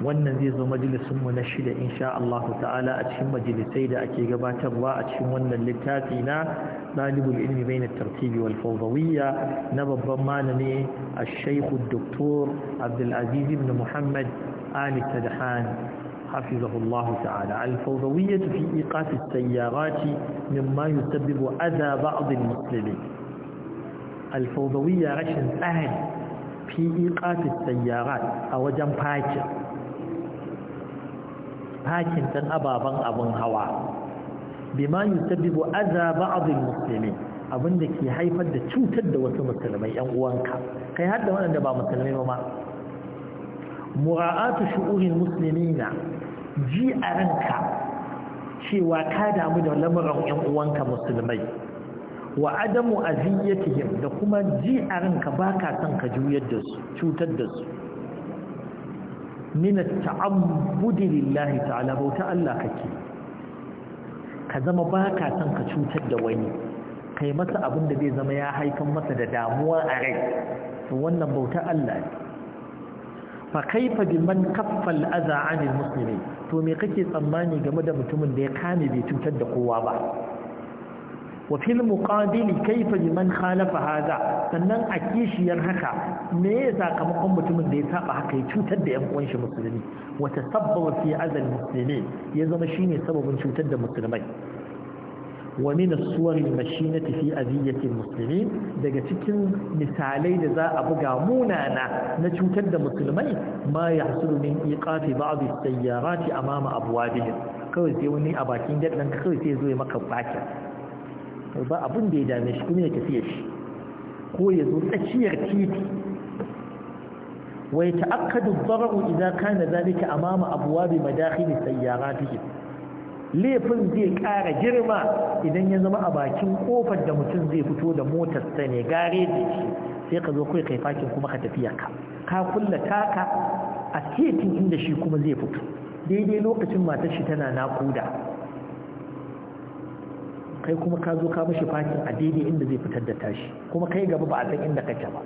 wannan zai zo majalisunmu na shida insha Allah ta'ala a cikin majalisai da ake gabatarwa a cikin wannan littafi na dalibul ilmi bai na tartibi wal fawdawiyya na babban malami ash-shaykh ad doktor Abdul Aziz ibn muhammad ali tadhan حفظه الله تعالى الفوضوية في إيقاف السيارات مما يسبب أذى بعض المسلمين الفوضوية رشن أهل في إيقاف السيارات أو جنباجة fakin tan ababen abin hawa bima yusabbibu adha ba'dhi al-muslimin abinda ke haifar da cutar da wasu musulmai yan uwanka kai har da waɗanda ba musulmai ba ma mura'atu shu'uril muslimina ji a ranka cewa ka damu da lamuran yan uwanka musulmai wa adamu aziyatihim da kuma ji a ranka baka san ka juyar da su cutar da su min taabbudi lillahi ta'ala bauta Allah kake ka zama baka san ka cutar da wani kai masa abin da zai zama ya haifar masa da damuwa a rai to wannan bauta Allah ne fa kaifa biman kaffa al 'anil muslimin to me kake tsammani game da mutumin da ya kame bai cutar da kowa ba وفي المقابل كيف لمن خالف هذا sannan a kishiyar haka me ya sakamakon mutumin da ya saba haka ya cutar da 'yan uwan musulmi wata sabbaba fi azal musulmi ya zama shine sababin cutar da musulmai wa min as-suwar al fi adiyati daga cikin misalai da za a buga munana na cutar da musulmai ma yahsulu min iqati ba'd as-sayyarat amama abwabihim kawai sai wani a bakin gadan kawai sai zo ya maka bakin ba abin da ya dame shi kuma ya tafiya shi ko ya zo tsakiyar titi wai ta'akkadu dharu idza kana zalika amama abwabi madakhil sayyaratihim laifin zai ƙara girma idan ya zama a bakin kofar da mutum zai fito da motar ta ne gare da shi sai ka zo kai kai fakin kuma ka tafiya ka ka kulla taka a titin inda shi kuma zai fito daidai lokacin matar shi tana naƙuda kai kuma ka zo ka mashi fakin a daidai inda zai fitar da tashi kuma kai gaba ba a san inda kake ba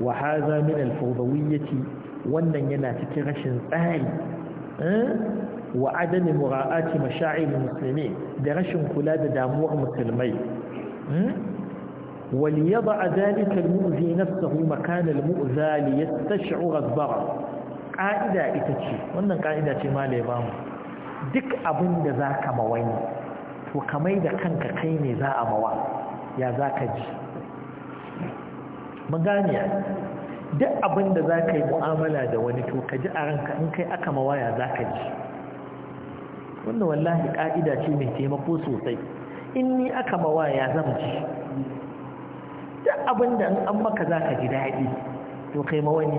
wa haza min al-fawdawiyyati wannan yana cikin rashin tsari eh, wa adami mura'ati mashaa'ir muslimin da rashin kula da damuwar musulmai وليضع ذلك المؤذي نفسه مكان المؤذى Ka'ida ita ce, wannan ka'ida ce شمالي بامو duk abin da za ka mawani to kamai da kanka kai ne za a mawa ya za ka ji maganiya duk abin da za ka yi mu'amala da wani to ka ji a ranka in kai aka mawa ya za ka ji Wanda wallahi ƙa'ida ce mai taimako sosai in ni aka mawa ya zama ji duk abin da in an maka za ka ji daɗi to kai mawani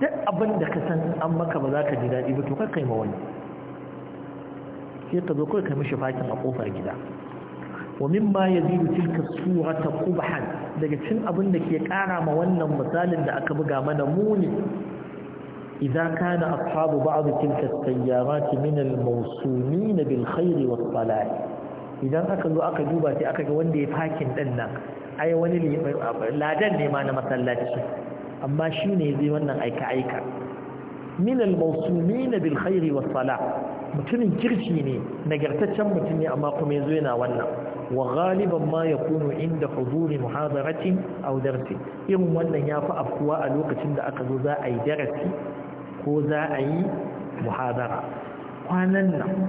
duk abin da ka san an maka ba za ka ji daɗi ba to kai mawani sai ka zo kawai ka mishi fakin a kofar gida wa mimma yazidu tilka surata qubhan daga cin abin da ke kara ma wannan misalin da aka buga mana muni idan kana ashabu ba'd tilka sayyarat min al-mawsumin bil khair was salah idan aka zo aka duba sai aka ga wanda ya fakin din nan ai wani ladan ne ma na masallaci amma shine zai wannan aika aika min al-mawsumin bil khair was salah mutumin kirki ne nagartaccen mutum ne amma kuma zo yana wannan wa ghaliban ma yakunu inda huduri muhadaratin aw darsi irin wannan yafi afkuwa a lokacin da aka zo za a yi darasi ko za a yi muhadara kwanan nan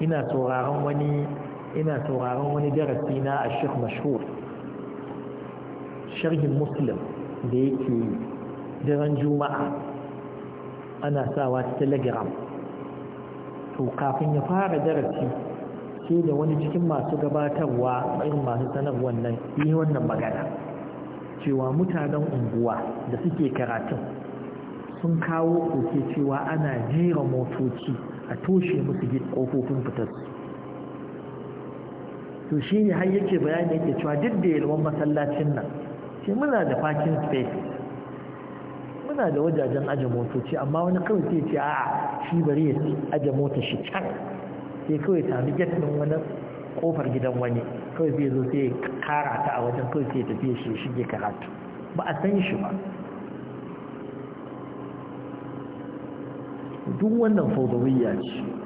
ina sauraron wani ina sauraron wani darasi na Sheikh Mashhur sharhin Muslim da yake daren Juma'a ana sawa Telegram to kafin ya fara darasi sai da wani cikin masu gabatarwa irin masu sanar wannan yi wannan magana cewa mutanen unguwa da suke karatun sun kawo koke cewa ana jera motoci a toshe musu kofofin fitar. to shi ne har yake bayani yake cewa duk da yalwan masallacin nan sai muna da fakin space muna da wajajen aje motoci amma wani kawai sai ce a'a shi bari ya aje mota shi can sai kawai sami get din wani kofar gidan wani kawai zai zo sai kara ta a wajen kawai sai tafi shi shige karatu ba a san shi ba duk wannan fawdawiyya ce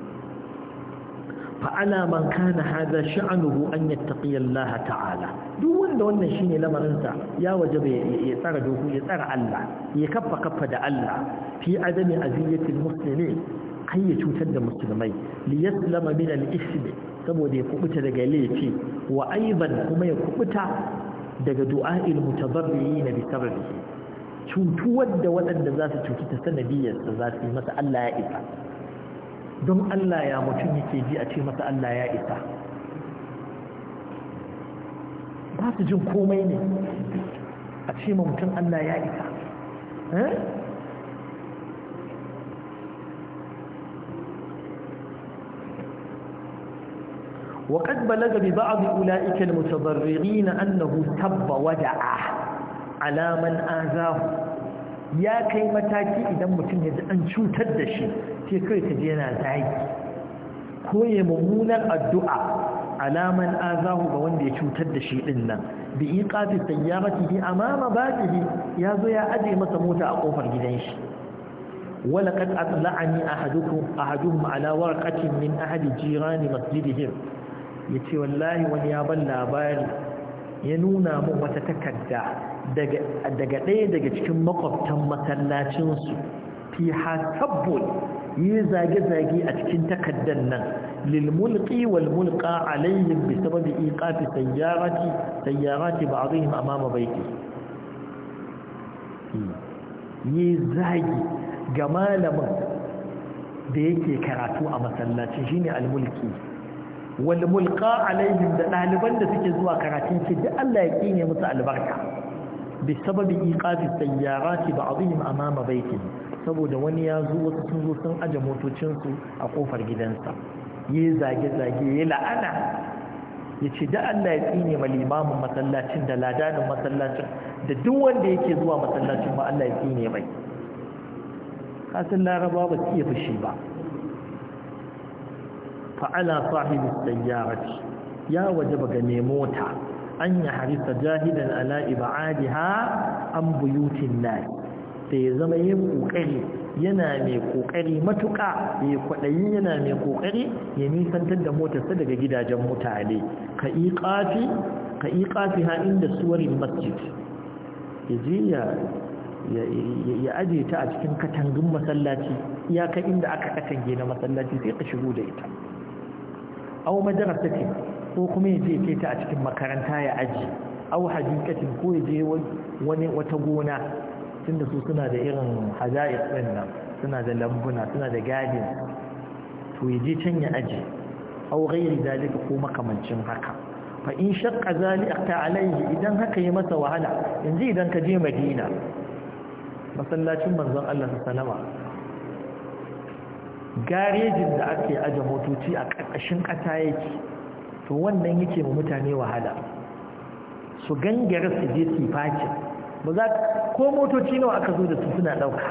A alaman كان haza شأنه أن يتقي ta'ala duk wanda wannan shine lamarinsa ya ba ya tsara doku ya tsara Allah ya kafa kafa da Allah fi adami aziyatil muslimin kai ya cutar da musulmai liyas lama min al saboda ya kubuta daga laifi wa aiban kuma ya kubuta daga du'a'il mutadarriyin na sababi cutuwar da waɗanda za su cuci ta sanadiyar za su yi masa Allah ya isa don Allah ya mutum yake ji a ce masa Allah ya isa ba su jin komai ne a ce ma mutum Allah ya isa وقد بلغ ببعض أولئك المتضررين أنه تب ودعا على من آذاه ya kai mataki idan mutum ya ji an cutar da shi sai kai ka je yana zaki. ko ya mummunar addu'a alaman azahu ga wanda ya cutar da shi din nan bi iqati sayyaratihi amama baqihi ya zo ya aje masa mota a kofar gidan shi wala qad atla'ani a ahaduhum ma'alawar warqatin min ahadi jirani masjidihim yace wallahi wani ya ban labari ya nuna mun wata takarda daga ɗaya daga cikin makwabtan masallacinsu fi hasabbul yi zage-zage a cikin takardar nan lilmulki walmulka alayhim bi sababi ikafi sayyarati a ba'dihim amama baiti yi zagi ga malamin da yake karatu a shi shine almulki walmulka alayhim da ɗaliban da suke zuwa karatun shi duk Allah ya ne musu albarka بسبب إيقاف السيارات بعضهم أمام بيته saboda wani ya zo wasu sun zo sun aje motocinsu a ƙofar gidansa ya zage-zage ya la'ana ya ce da Allah ya tsine ma limamin masallacin da ladanin masallacin da duk wanda yake zuwa masallacin ma Allah ya tsine mai kasan laraba ba su iya fushi ba fa'ala sahibi sayyarati ya waje ba ga mota an ya harisa jahidan ala ibadiha an buyutin nai sai ya zama yin kokari yana mai kokari matuka ya kwaɗayi yana mai kokari ya nisantar da motarsa daga gidajen mutane ka iqafi ka ha inda suwarin masjid ya ya ya aje ta a cikin katangun masallaci iyaka inda aka katange na masallaci sai ka shigo da ita aw madarasati ko kuma ya je kai ta a cikin makaranta ya aji au hajjikacin ko ya je wani wata gona tun da su suna da irin haza'i ɗin nan suna da lambuna suna da gadin to ya je can ya aji au gairi zalika ko makamancin haka fa in shakka zalika alaihi idan haka yi masa wahala yanzu idan ka je madina masallacin manzon Allah sallama garejin da ake aje motoci a ƙarƙashin ƙasa yake to wannan yake ma mutane wahala su gangara su je su faci ba za ko motoci nawa aka zo da su suna ɗauka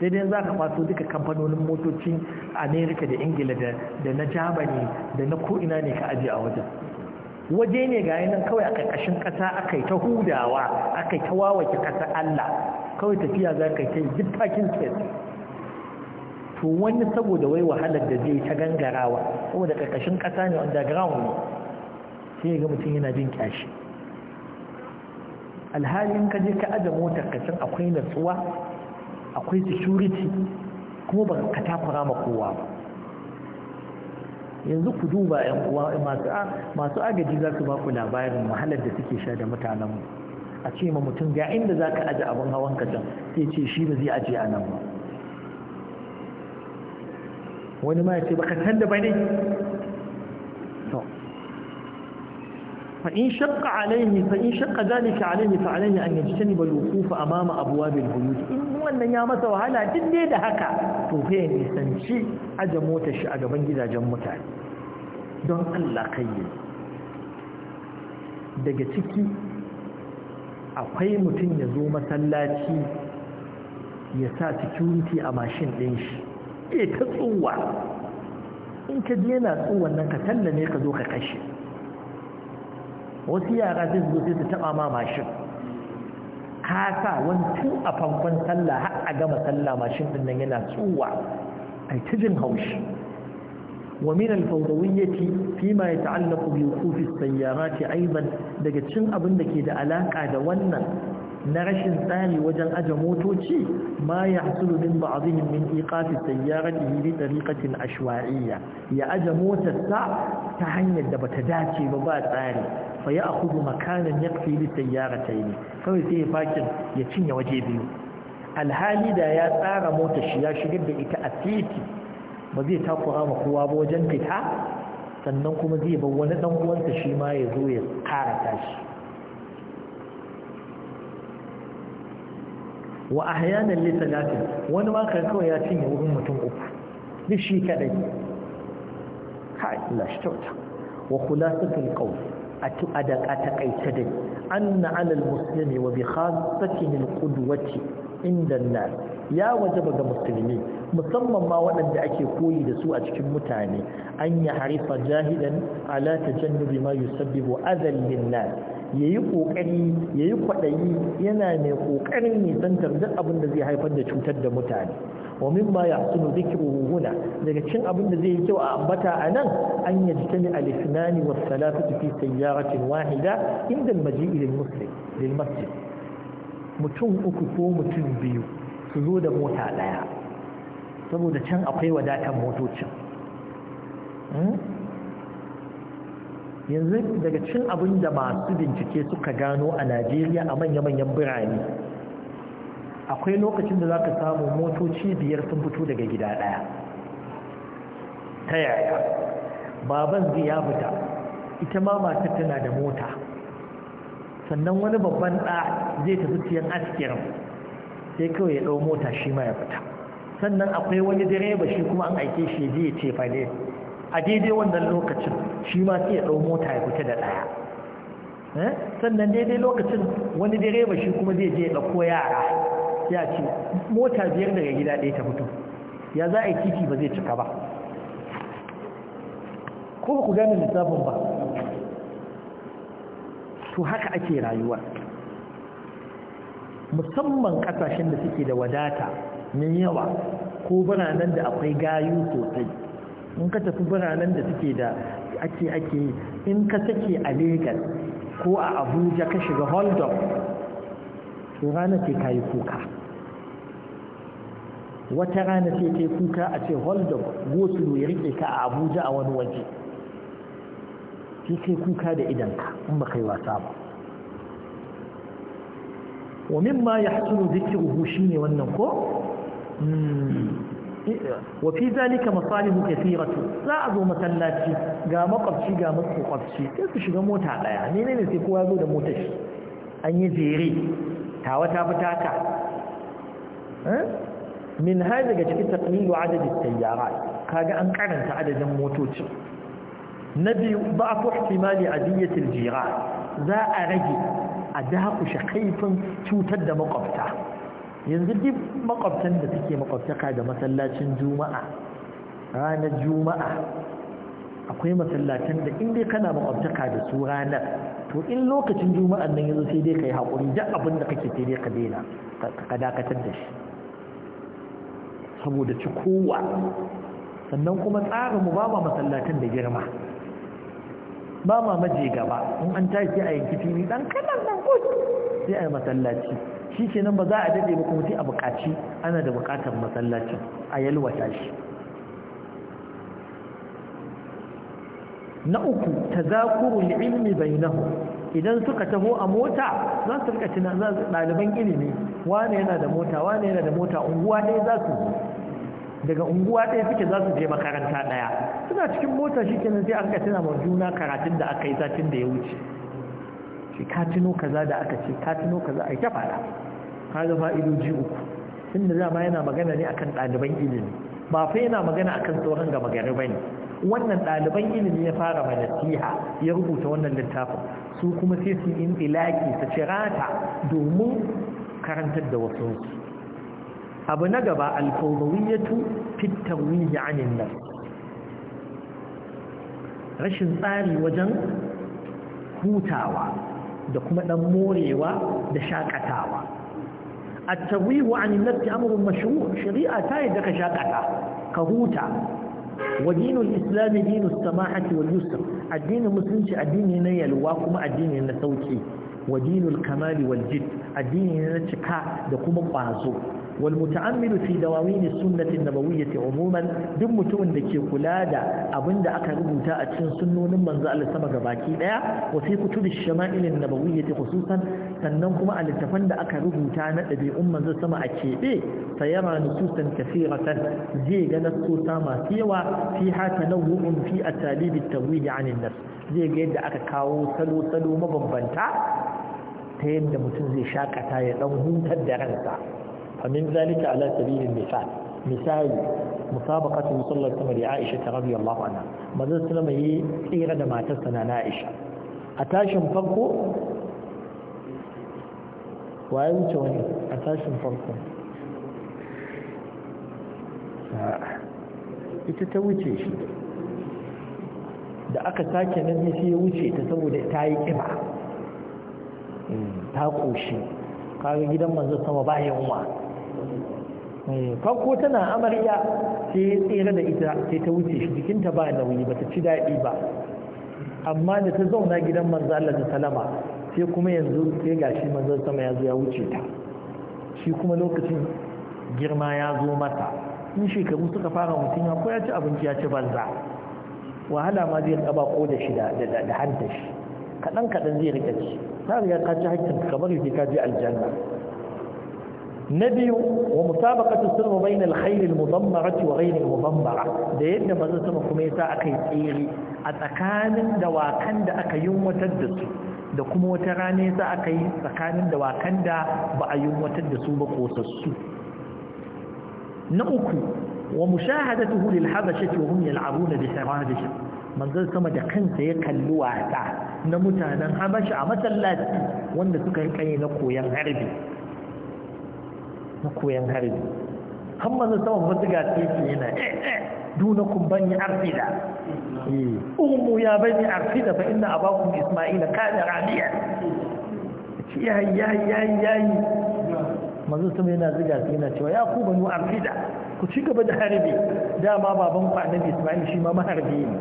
sai dai za ka faso duka kamfanonin motoci amerika da ingila da na jamani da na ko'ina ne ka ajiye a wajen waje ne ga yanar kawai a ƙarƙashin ƙasa aka yi ta hudawa aka yi ta wawake kasar allah kawai tafiya za ka yi ta yi duk tsaye to wani saboda wai wahalar da zai ta gangarawa saboda karkashin kasa ne ground ne sai ga mutum yana jin kyashi alhalin ka je ka aje mota ka akwai natsuwa akwai security kuma ba ka takura ma kowa ba yanzu ku duba yan uwa masu agaji za su ba ku labarin wahalar da suke sha da mutanenmu a ce ma mutum ga inda za ka aje abin hawan ka can sai ce shi ba zai aje a nan ba wani ma ya ce baka san da bane fa in shaqqa alayhi fa in shaqqa zalika alayhi fa alayhi an yajtaniba al-wuquf amama abwab al-buyut in wannan ya masa wahala duk dai da haka to fa ya nisanci aje motar shi a gaban gidajen mutane don Allah kai daga ciki akwai mutum ya zo masallaci ya sa security a mashin ɗin shi ce ta tsuwa in ka je yana tsuwan nan ka talla ne ka zo ka kashe wasu yara sai zo sai su taba ma mashin ka sa wani tun a fankon sallah har a gama sallah mashin din nan yana tsuwa ai ta jin haushi ومن الفوضوية فيما يتعلق بوقوف السيارات أيضا daga cin abin da ke da alaka da wannan na rashin tsari wajen aje motoci ma ya hasulu min ba'dihim min iqafi sayyaratihi bi tariqatin ashwa'iyya ya aje motar ta hanyar da bata dace ba ba tsari fa ya akhudhu makanan yakfi ta yi. kawai sai ya fakin ya cinye waje biyu alhali da ya tsara motar shi ya shigar da ita a titi ba zai takura ma kowa ba wajen fita sannan kuma zai bar wani dan uwansa shi ma ya zo ya karata shi wa ahyanan li salatin wani waka kan kawai ya cinye wurin mutum uku duk shi kadai kai la shtota wa khulasatu alqawl atu adaka ta kaita dai anna ala almuslimi wa bi khasatin alqudwati inda an-nas ya waje ga musulmi musamman ma waɗanda ake koyi da su a cikin mutane an ya harifa jahidan ala tajannubi ma yusabbibu adhan linnas yayi kokari yayi kwadayi yana mai kokarin nisantar duk abin zai haifar da cutar da mutane wa mimma yahsunu dhikruhu huna daga cikin abin zai yi kyau a ambata anan an yajtami al-ithnani was-salatu fi sayyaratin wahida inda al-maji'i lil-muslim lil-masjid mutum uku ko mutum biyu su zo da mota ɗaya saboda can akwai wadatar motocin hmm? yanzu daga cin abin da masu bincike suka gano a najeriya a manya-manyan birane akwai lokacin da za ka samu motoci biyar sun fito daga gida ɗaya ta yaya baban zai ya fita ita ma matar tana da mota sannan wani babban ɗa zai tafi siyan askirin sai kawai ya ɗau mota shi ma ya fita sannan akwai wani direba shi kuma an aike shi je ya ce fa ne a daidai wannan lokacin shi ma sai ya ɗau mota ya fita da ɗaya eh? sannan daidai lokacin wani direba shi kuma zai je ya ɗauko yara ya ce mota biyar daga gida ɗaya ta fito ya za a yi titi ba zai cika ba ko ku gane lissafin ba to haka ake rayuwa musamman kasashen da suke da wadata mai yawa ko biranen da akwai gayu sosai in ka tafi biranen da suke da ake ake in ka sake a Legas ko a abuja ka shiga holdup to rana ce ka yi kuka wata rana ce ka yi kuka a ce holdup gosulu ya rike ka a abuja a wani waje sai kai kuka da idanka in ba kai wasa ba ومما يحسن ذكره شين والنقو إيه، وفي ذلك مصالح كثيرة لا أظو مسلاتي قام قبشي قام قبشي كيف شغى موت على يعني نين سيكوا هذا موتش أن يزيري تاوتا بتاتا من هذا جاء تقليل عدد السيارات كاقا أنقرنت عدد موتوش نبي ضعف احتمال عدية الجيران ذا أرجي a dakushe kaifin cutar da makwabta yanzu duk makwabtan da suke makwabtaka da masallacin juma'a ranar juma'a akwai masallacin da inda kana makwabtaka da su ranar to in lokacin juma'an nan yanzu sai dai ka yi haƙuri da abin da kake sai dai ka daina ka dakatar da shi saboda ci kowa sannan kuma tsarin mu ba masallacin da girma ba ma maje gaba in an tashi a yanki fili dan kadan nan kudu sai a yi masallaci shi ke nan ba za a daɗe ba kuma sai a buƙaci ana da buƙatar masallaci a yalwata shi na uku ta ilmi bai nahu idan suka taho a mota za su rika ɗaliban ilimi wane yana da mota wane yana da mota unguwa ɗaya za su daga unguwa ɗaya suke za su je makaranta ɗaya suna cikin mota shi kenan sai an ka tuna ma juna karatun da aka yi satin da ya wuce shi ka tuno kaza da aka ce ka tuno kaza a yi ta fada ka ga fa'idoji uku inda zama yana magana ne akan ɗaliban ilimi ba fa yana magana akan tsoron gama gari ba ne wannan ɗaliban ilimi ya fara ma nasiha ya rubuta wannan littafin su kuma sai su in ilaki su cirata domin karantar da wasu abu na gaba alfawawiyatu fitawiyi anin nan rashin tsari wajen hutawa da kuma dan morewa da shakatawa a tawihu anin nan ta amurin mashiru shari'a ta yi daga shakata ka huta wajen islami dinu samahati wal yusuf addinin musulunci addini na yalwa kuma addini na sauki wajen kamali wal jid addini na cika da kuma ƙwazo. والمتعمل في دواوين السنة النبوية عموما دم متون دكي قلادة أبن دا أكا ربوتا أتشن سنون من زال سمك باكي دا وفي كتب الشمائل النبوية خصوصا سننكم على التفن دا أكا ربوتا نتبي أم زال سمع أكي فيرى نصوصا كثيرة زي جنس سوسا سيوا فيها تنوع في أساليب الترويج عن النفس زي جيد أكا كاو سلو سلو مبنبنتا ta yadda mutum zai shakata ya ɗan hutar da ransa فمن ذلك على سبيل المثال مثال مسابقة صلى الله عليه وسلم لعائشة رضي الله عنها ماذا سلم هي إيرة ما تسنى عائشة أتاشم فرقه وأنت وين أتاشم فرقه ita ta wuce shi da aka sake nan ne sai ya wuce ta saboda ta yi kiba ta ƙoshi kaga gidan manzo sama ba yunwa Eh, farko tana amarya sai ya tsere da ita sai ta wuce shi jikinta ba nauyi ba ta ci daɗi ba amma da ta zauna gidan manzo Allah da salama sai kuma yanzu sai gashi manzo sama ya zo ya wuce ta shi kuma lokacin girma ya zo mata in shekaru suka fara mutum ya ko ya ci abinci ya ci banza wahala ma zai kaba ko da shi da da kadan kadan zai rike shi ta riga ka ci hakkin kamar yadda ka je aljanna na biyu wa musabaqatu sirru bayn al-khayl al-mudammarati wa ghayr al da yadda bazan sama kuma yasa akai tsiri a tsakanin dawakan da aka yi mutar da su da kuma wata rana yasa akai tsakanin dawakan da ba a yi mutar da su ba ko sassu na uku wa mushahadatuhu lil-habashati wa hum yal'abuna bi sharadihi manzon sama da kansa ya kalli wasa na mutanen habasha a masallaci wanda suka yi kai na koyon harbi na koyan harbi har manzon sama wasu ga titi yana eh, eh, dunakun bani arsida hmm. umu ya bani arsida fa inna abakum isma'ila da rabiya yayi yayi yayi yayi manzon sama yana ziga su yana cewa ya ku bani arsida ku ci gaba da harbi dama baban ku annabi isma'il shi ma maharbi ne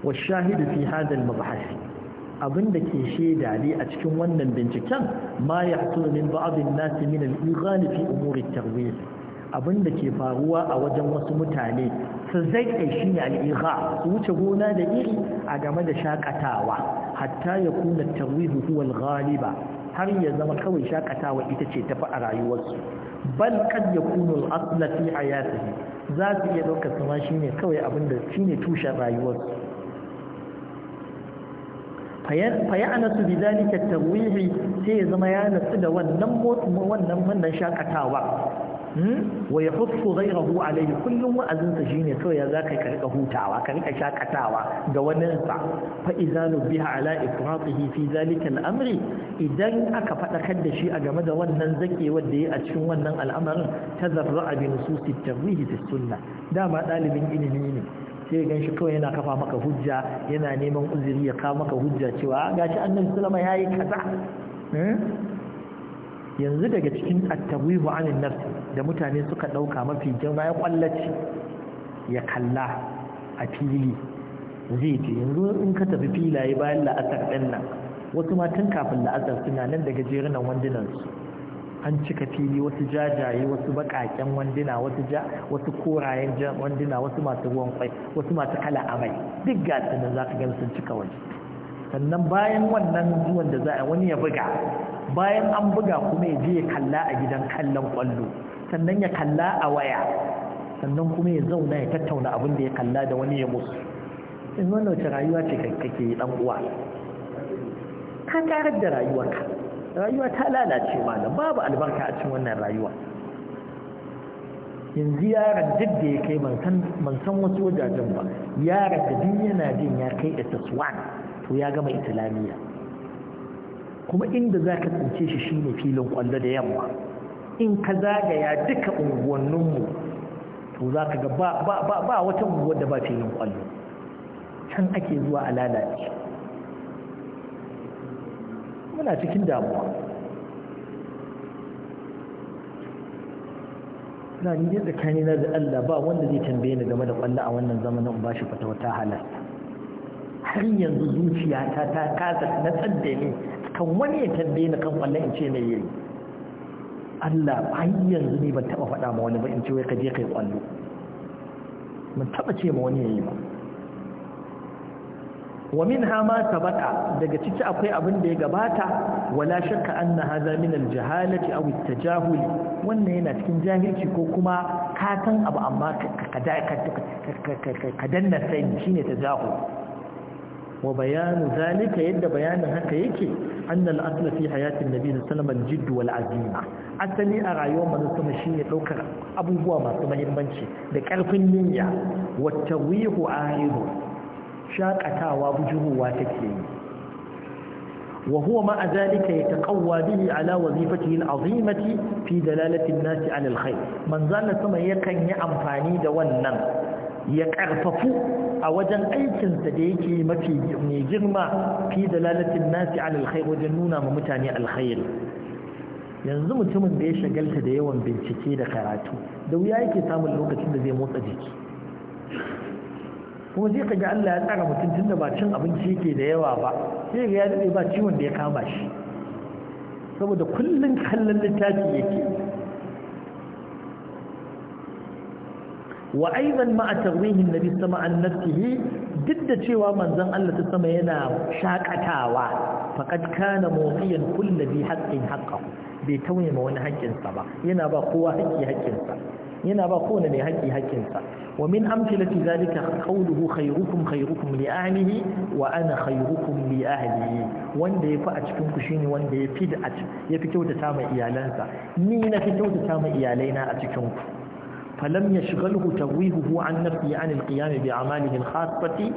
والشاهد في هذا المبحث abin da ke shaida ne a cikin wannan binciken ma ya hasu min ba'adun nasi min al-ighani fi umuri tarwiyya abin da ke faruwa a wajen wasu mutane su zaƙe shi ne al-igha su wuce gona da iri a game da shakatawa hatta ya kuna tarwihu huwa al-ghaliba har ya zama kawai shakatawa ita ce tafi a rayuwarsu bal kad yakunu al-asla fi hayatihi za su iya ɗaukar sama shine kawai abin da shine tushen rayuwarsu fayanasu bi zalika tarwihi sai ya zama ya nasu da wannan wannan wannan shakatawa wa ya husu ghairahu alayhi kullum wa'azinsa shine kawai ya zaka ka rika hutawa ka rika shakatawa ga wannan sa fa izanu biha ala ifratihi fi zalika al-amri idan aka fadakar da shi a game da wannan zake wanda yayi a cikin wannan al'amarin tazarra bi nususi tawhid fi sunna dama dalibin ilimi ne sai gan shi kawai yana kafa maka hujja yana neman uzuri ya kawo maka hujja cewa ah, gashi annabi sallama yayi kaza hmm? yanzu daga cikin at-tawihu anin nafs da mutane suka dauka mafi jama'a ya kwallace ya kalla a fili zai ce yanzu in ka tafi filaye bayan la'asar ɗin nan wasu matan kafin la'asar suna nan daga jerunan su. an cika fili wasu jajaye wasu baƙaƙen wanduna wasu ja wasu korayen wandina wasu masu ruwan kwai wasu masu kala amai duk gasu da za ka gani sun cika waje sannan bayan wannan zuwan da za a wani ya buga bayan an buga kuma ya je ya kalla a gidan kallon kwallo sannan ya kalla a waya sannan kuma ya zauna ya tattauna abin da ya kalla da wani ya musu in wannan wace rayuwa ce kake yi dan uwa ka tarar da rayuwarka rayuwa ta lalace da, babu albarka a cikin wannan rayuwa yanzu yaron duk da ya kai man san wasu wajajen ba yaron da din yana jin ya kai ss1 to ya gama islamiyya kuma inda za ka tsince shi shine filin kwallo da yamma in ka zagaya duka unguwanninmu to za ka ga ba wata unguwar da ba filin kwallo can ake zuwa a lalace muna cikin damuwa na ni yadda kani na da Allah ba wanda zai tambaye ni game da kwallo a wannan zamanin ba shi fata wata halasta har yanzu zuciyata ta kasa na tsadda ni kan wani ya tambaye ni kan kwallon in ce me yayi Allah ba yanzu ne ban taba faɗa ma wani ba in ce wai ka je kai kwallo ban taba ce ma wani yayi ba wa min hama ma baka daga ciki akwai abin da ya gabata wala shakka anna hadha min al aw at-tajahul wannan yana cikin jahilci ko kuma ka san abu amma ka danna sai shine tajahul wa bayanu zalika yadda bayanin haka yake annal asla fi hayatin nabi sallallahu alaihi jidd wal azima asali a rayuwar manzo shine daukar abubuwa masu mahimmanci da karfin niyya wa tawihu ahidu shakatawa bujuhuwa take yi wa huwa ma'a zalika yataqawwa bihi ala wazifatihi al'azimati fi dalalati an-nasi 'ala al-khair manzan sama yakan yi amfani da wannan ya karfafu a wajen aikinsa da yake mafi mai girma fi dalalatin nasi alal khair wajen nuna ma mutane alkhairi yanzu mutumin da ya shagalta da yawan bincike da karatu da wuya yake samun lokacin da zai motsa jiki kuma sai ka ga Allah ya tsara mutum tunda ba cin abinci yake da yawa ba sai ga ya daɗe ba ciwon da ya kama shi saboda kullum kallon littafi yake wa aizan ma a tarwihin nabi sama an nafsihi duk da cewa manzon Allah ta sama yana shakatawa faqad kana mawdiyan kulli bi haqqin haqqahu bai tauye ma wani haƙƙinsa ba yana ba kowa haƙƙi haƙƙinsa yana ba kowane mai haƙƙi haƙƙinsa wa min amthilati zalika qawluhu khayrukum khayrukum li ahlihi wa ana khayrukum li ahlihi wanda yafi a cikin ku shine wanda yafi da yafi kyautata ma iyalansa ni na fi ta ma iyalaina a cikin ku falam yashghalhu tawihuhu an nafsi an alqiyam bi a'malihi al-khassati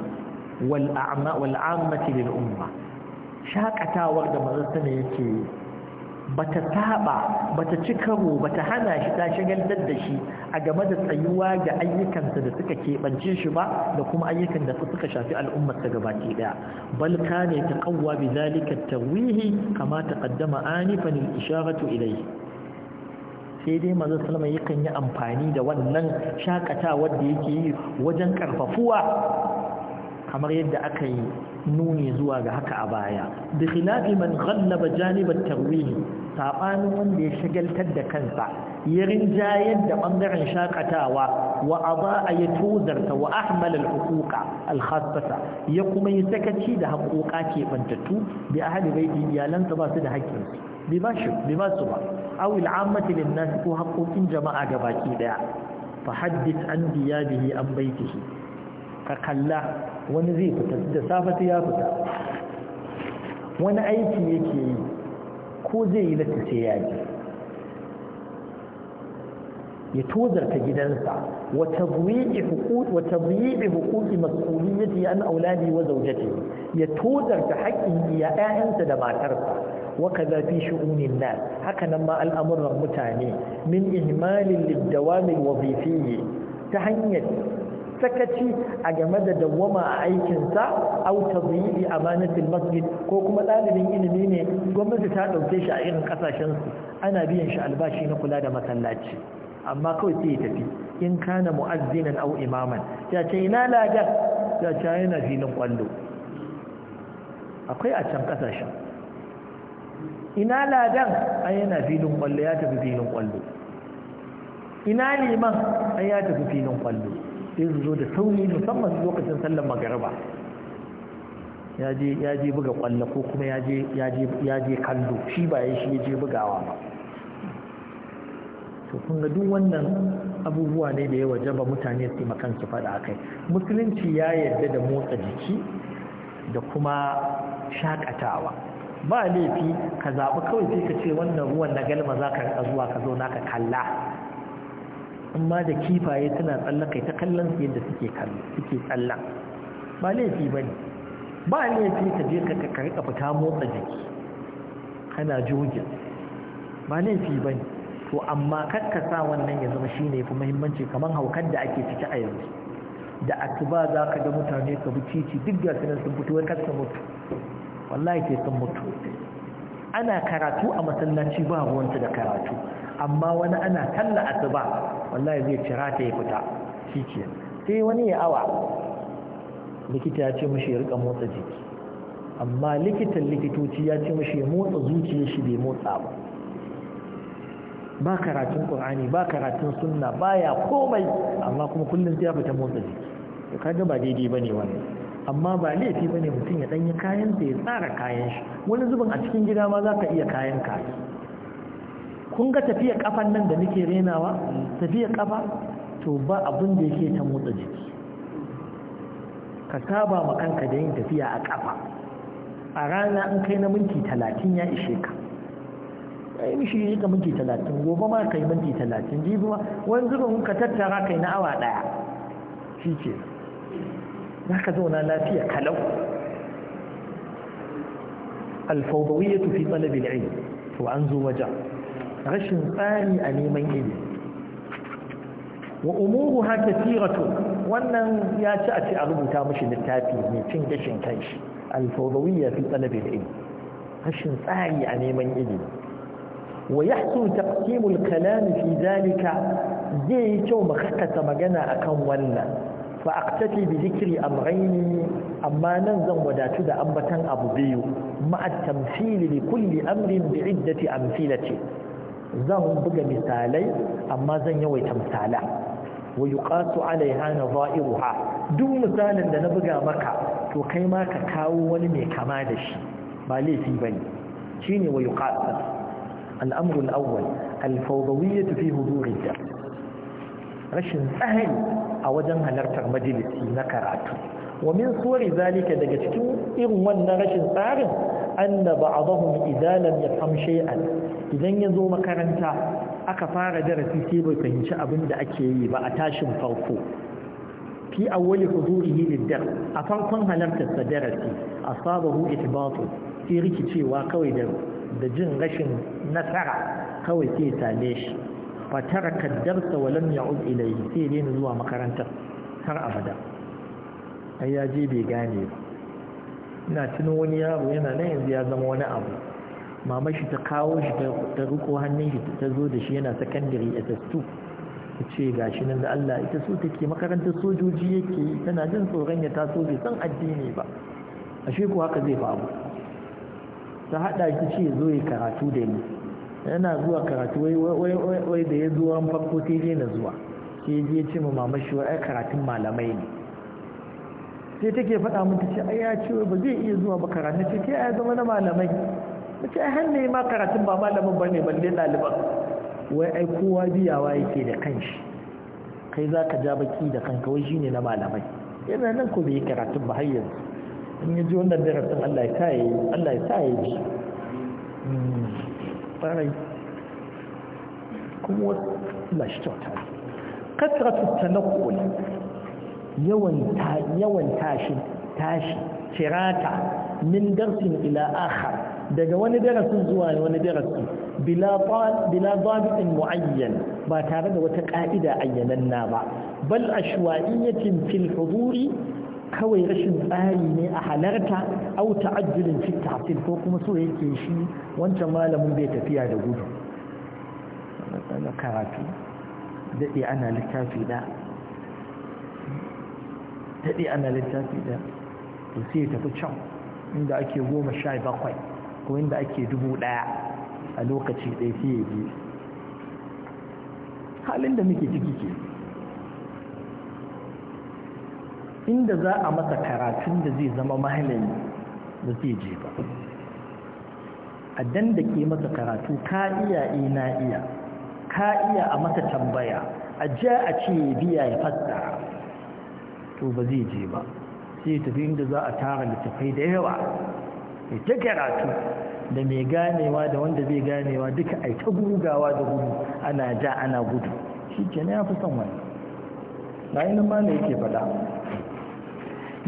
wal a'ma wal 'ammati lil umma shakatawar da manzon yake bata taɓa bata ci karo bata hana shi ta shagaltar da shi a game da tsayuwa ga ayyukansa da suka keɓance shi ba da kuma ayyukan da suka shafi al'ummarsa gabaki daya bal ta yataqawwa bi zalika at-tawihi kama taqaddama anifan isharatu ilayhi sai dai manzo sallama yakan yi amfani da wannan shakatawar da yake yi wajen karfafuwa kamar yadda aka yi nuni zuwa ga haka a baya da khilafi man ghallaba janibat tarwih sabanin wanda ya shagaltar da kansa ya rinjayar da bangaren shakatawa wa aba ya tuzarta wa ahmal al huquqa al khassata ya kuma yi sakaci da haƙoƙa ke bantattu bi ahli baiti iyalansa ba su da haƙƙin bi ba shi bi ba su ba aw al ammati lin nas ko haƙoƙin jama'a ga baki daya fa haddith an bihi an baitihi ka kalla wani zai fita da safata ya fita wani aiki yake yi ko zai yi lati sai ya ji ya tozarta gidansa wata biyi hukuki masuliyyati an auladi wa zaujati ya tozarta haƙƙin iya ƴaƴansa da matarsa kaza fi shi'unin nan haka nan ma al'amuran mutane min ihmalin liddawamin wazifiyyi ta hanyar sakaci a game da dawwama a aikinsa au tadhiyi amanatil masjid ko kuma ɗalibin ilimi ne gwamnati ta ɗauke shi a irin kasashen su ana biyan shi albashi na kula da masallaci amma kawai sai ya tafi in kana mu'azzinan au imaman ya ce ina laga ya ce yana filin kwallo akwai a can ƙasashen ina ladan ai yana filin kwallo ya tafi filin kwallo ina liman ai ya tafi filin kwallo sai zo da sauri musamman lokacin sallar magariba ya je buga kwallo ko kuma ya je kallo shi ba shi ya je bugawa ba to kun ga duk wannan abubuwa ne da ya wajaba mutane su makan su faɗa kai musulunci ya yarda da motsa jiki da kuma shakatawa ba laifi ka zaɓi kawai sai ka ce wannan ruwan na galma za ka zuwa ka zo na ka kalla amma da kifaye suna tsallakai ta kallon su yadda suke kallo suke tsalla ba laifi ba ne ba laifi ka je ka ka fita motsa jiki kana jogin ba laifi ba ne to amma kakka sa wannan ya zama shine yafi muhimmanci kamar haukar da ake ciki a yanzu da asuba za ka ga mutane ka bi cici duk ga sunan sun fito wai kasa mutu wallahi ke sun mutu ana karatu a masallaci ba ruwanta da karatu amma wani ana talla asuba wallahi zai cira ta ya fita shi ce sai wani ya awa likita ya ce mashi ya rika motsa jiki amma likitan likitoci ya ce mashi ya motsa zuciya shi bai motsa ba ba karatun ƙur'ani ba karatun sunna ya komai amma kuma kullum sai ya fita motsa jiki kaga ba daidai bane wannan amma ba laifi ba ne mutum ya danyi kayan sa ya tsara kayan shi wani zubin a cikin gida ma ka iya kayan ka kun ga tafiya kafan nan da nake renawa tafiya kafa to ba abin da yake ta motsa jiki ka saba ma kanka da yin tafiya a kafa a rana in kai na minti talatin ya ishe ka ya yi mishi yi ka minti talatin gobe ma ka yi minti talatin jibi ma wani zubin ka tattara kai na awa daya shi ce za ka zauna lafiya kalau alfawdawiyatu fi talabil ilm to an zo wajen rashin tsari a neman ilimi wa umuru ha wannan ya ci a ce a rubuta mashi littafi mai cin gashin kanshi alfawdawiyya fi talabi da ilimi rashin tsari a neman ilimi wa yahsu taqsimul kalam fi zalika zai yi kyau makakata magana akan wannan fa aqtati bi dhikri amrayni amma nan zan wadatu da ambatan abu biyu ma'a tamthili li kulli amrin bi iddati amthilati zan buga misalai amma zan yawaita misala wa yuqatu alaiha nadha'iruha duk misalin da na buga maka to kai ma ka kawo wani mai kama da shi ba laifi bane shine wa yuqatu al-amru al-awwal al-fawdawiyyah fi rashin tsahari a wajen halartar majalisi na karatu wa min zalika daga cikin irin wannan rashin tsarin anna ba'dahum idza lam yafham shay'an idan yazo makaranta aka fara darasi sai bai fahimci abin da ake yi ba a tashin farko fi awwali hudurihi lidar a farkon halartar sa darasi asabahu ihbatu sai rikicewa kawai da da jin rashin nasara kawai sai same shi fataraka darsa wa lam ya'ud ilayhi sai dai zuwa makarantar har abada ai ya je bai gane ba ina tunan wani yaro yana nan yanzu ya zama wani abu mama shi ta kawo shi ta riko hannun shi ta zo da shi yana secondary ss2 ta ce ga shi nan da Allah ita so take makarantar sojoji yake yi tana jin tsoron ya taso bai san addini ba ashe ko haka zai faru ta hada shi ce zo ya karatu da ni yana zuwa karatu wai da ya zuwa farko sai yi na zuwa sai je ce ma mama shi ai karatun malamai ne sai take faɗa mun ta ce ai ya ce ba zai iya zuwa ba karatu ce ke ai zama na malamai ba ce har ne ma karatun ba malamin bane balle ɗaliban wai ai kowa biyawa yake da kanshi kai za ka ja baki da kanka wai shine na malamai yana nan ko bai karatun ba har yanzu in ya ji wannan darasin Allah ya kaye Allah ya sa ya ji hmm, ƙwarai kuma wasu lashe kyauta kasratu tanakul yawan tashi tashi cirata min darsin ila akhar daga wani darasin zuwa wani darasi bila bila dhabitin muayyan ba tare da wata ka'ida ayyananna ba bal ashwa'iyatin fil huduri kawai rashin tsari ne a halarta au ta'ajjulin fi tafsir ko kuma so yake shi wancan malamin bai tafiya da gudu karatu daɗe ana littafi na. daɗe ana littafi da to sai ya tafi can inda ake goma sha bakwai ko inda ake dubu ɗaya a lokaci ɗaya sai ya je halin da muke ciki ke inda za a masa karatun da zai zama mahalin da zai je ba a dan da ke masa karatu ka iya ina eh, iya ka iya a masa tambaya a ja a ce biya ya fassara to ba zai je ba sai tafi inda za a tara littafai da yawa ya ta karatu da mai ganewa da wanda bai ganewa duka a ta gugawa da gudu ana ja ana gudu shi ke ya fi son wani Na yi ma ne yake faɗa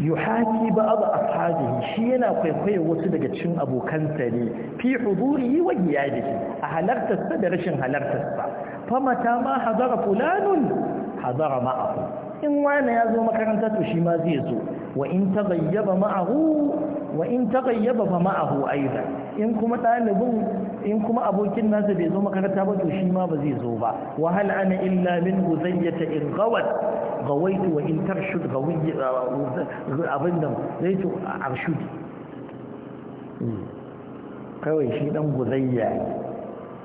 yuhaki ba abu ashabihi shi yana kwaikwayo wasu daga cin abokansa ne fi wani wa giyadihi a halartarsa da rashin halartarsa fa mata ma hazara fulanun hazara ma'ahu in wani ya zo makaranta to shi ma zai zo wa in ta taghayyaba ma'ahu wa in ta gayyaba fa ma'ahu aidan in kuma dalibin in kuma abokin nasa bai zo makaranta ba to shi ma ba zai zo ba wa hal ana illa min huzayyata in gawat gawaitu wa in tarshud gawiyyi uh, abinda zaitu arshud hmm. kawai shi dan guzayya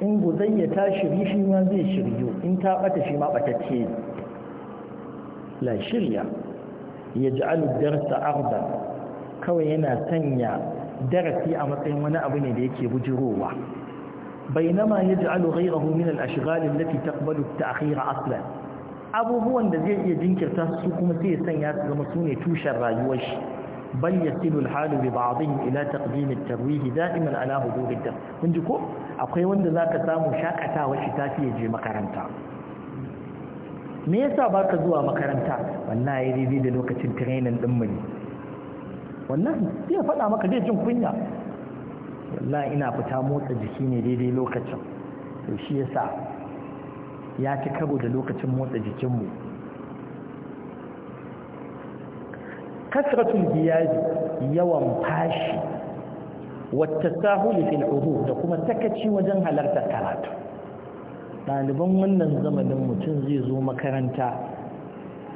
in guzayya ta shirye shi ma zai shiryo, in ta bata shi ma batacce ne la shirya ya ja'alu darsa arda kawai yana sanya darasi a matsayin wani abu ne da yake bujirowa ma ya ji ghayrahu min al-ashghal allati ta at-ta'khir aslan abubuwan da zai iya jinkirta su kuma sai ya sanya su zama su ne tushen rayuwar shi bal yasilu al-halu bi ba'dihim ila taqdim at-tarwih da'iman ala gobe ad kun ji ko akwai wanda zaka samu shakatawa shi tafi je makaranta me yasa ka zuwa makaranta wannan ya daidai da lokacin training din mu ne Wannan sai ya faɗa maka zai jin kunya wallahi ina fita motsa jiki ne daidai lokacin to shi yasa ya ci karo da lokacin motsa jikin mu kasratul biyaji yawan fashi wata sahuli fil da kuma takaci wajen halartar karatu ɗaliban wannan zamanin mutum zai zo makaranta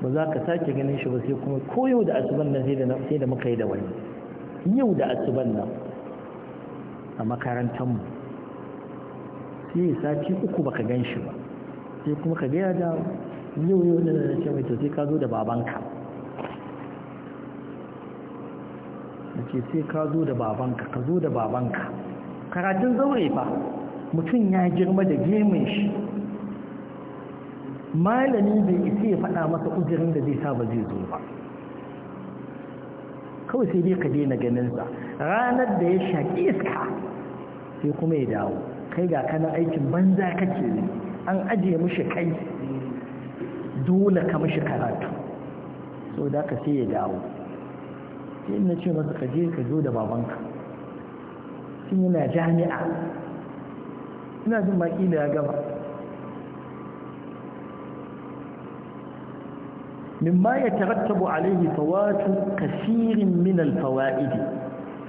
ba za ka sake ganin shi ba sai kuma ko yau da asuban nan sai da muka yi da wani yau da asuban nan a makarantarmu sai sati uku baka gan shi ba sai kuma ka gaya da yau yau da na ce mai to sai ka zo da babanka na ce sai ka zo da babanka ka zo da babanka karatun zaure ba. mutum ya girma da gemin shi malami bai isa ya faɗa masa ujirin da zai sa ba zai zo ba kawai sai dai ka daina sa. ranar da ya shaƙi iska sai kuma ya dawo kai ga kanan aikin banza kake an ajiye mushi kai dole ka mushi karatu so da ka sai ya dawo sai ina ce masa ka je ka zo da babanka sun yana jami'a ina jin ma kila ya gama mimma ya tarattabu alaihi fawatu kasirin min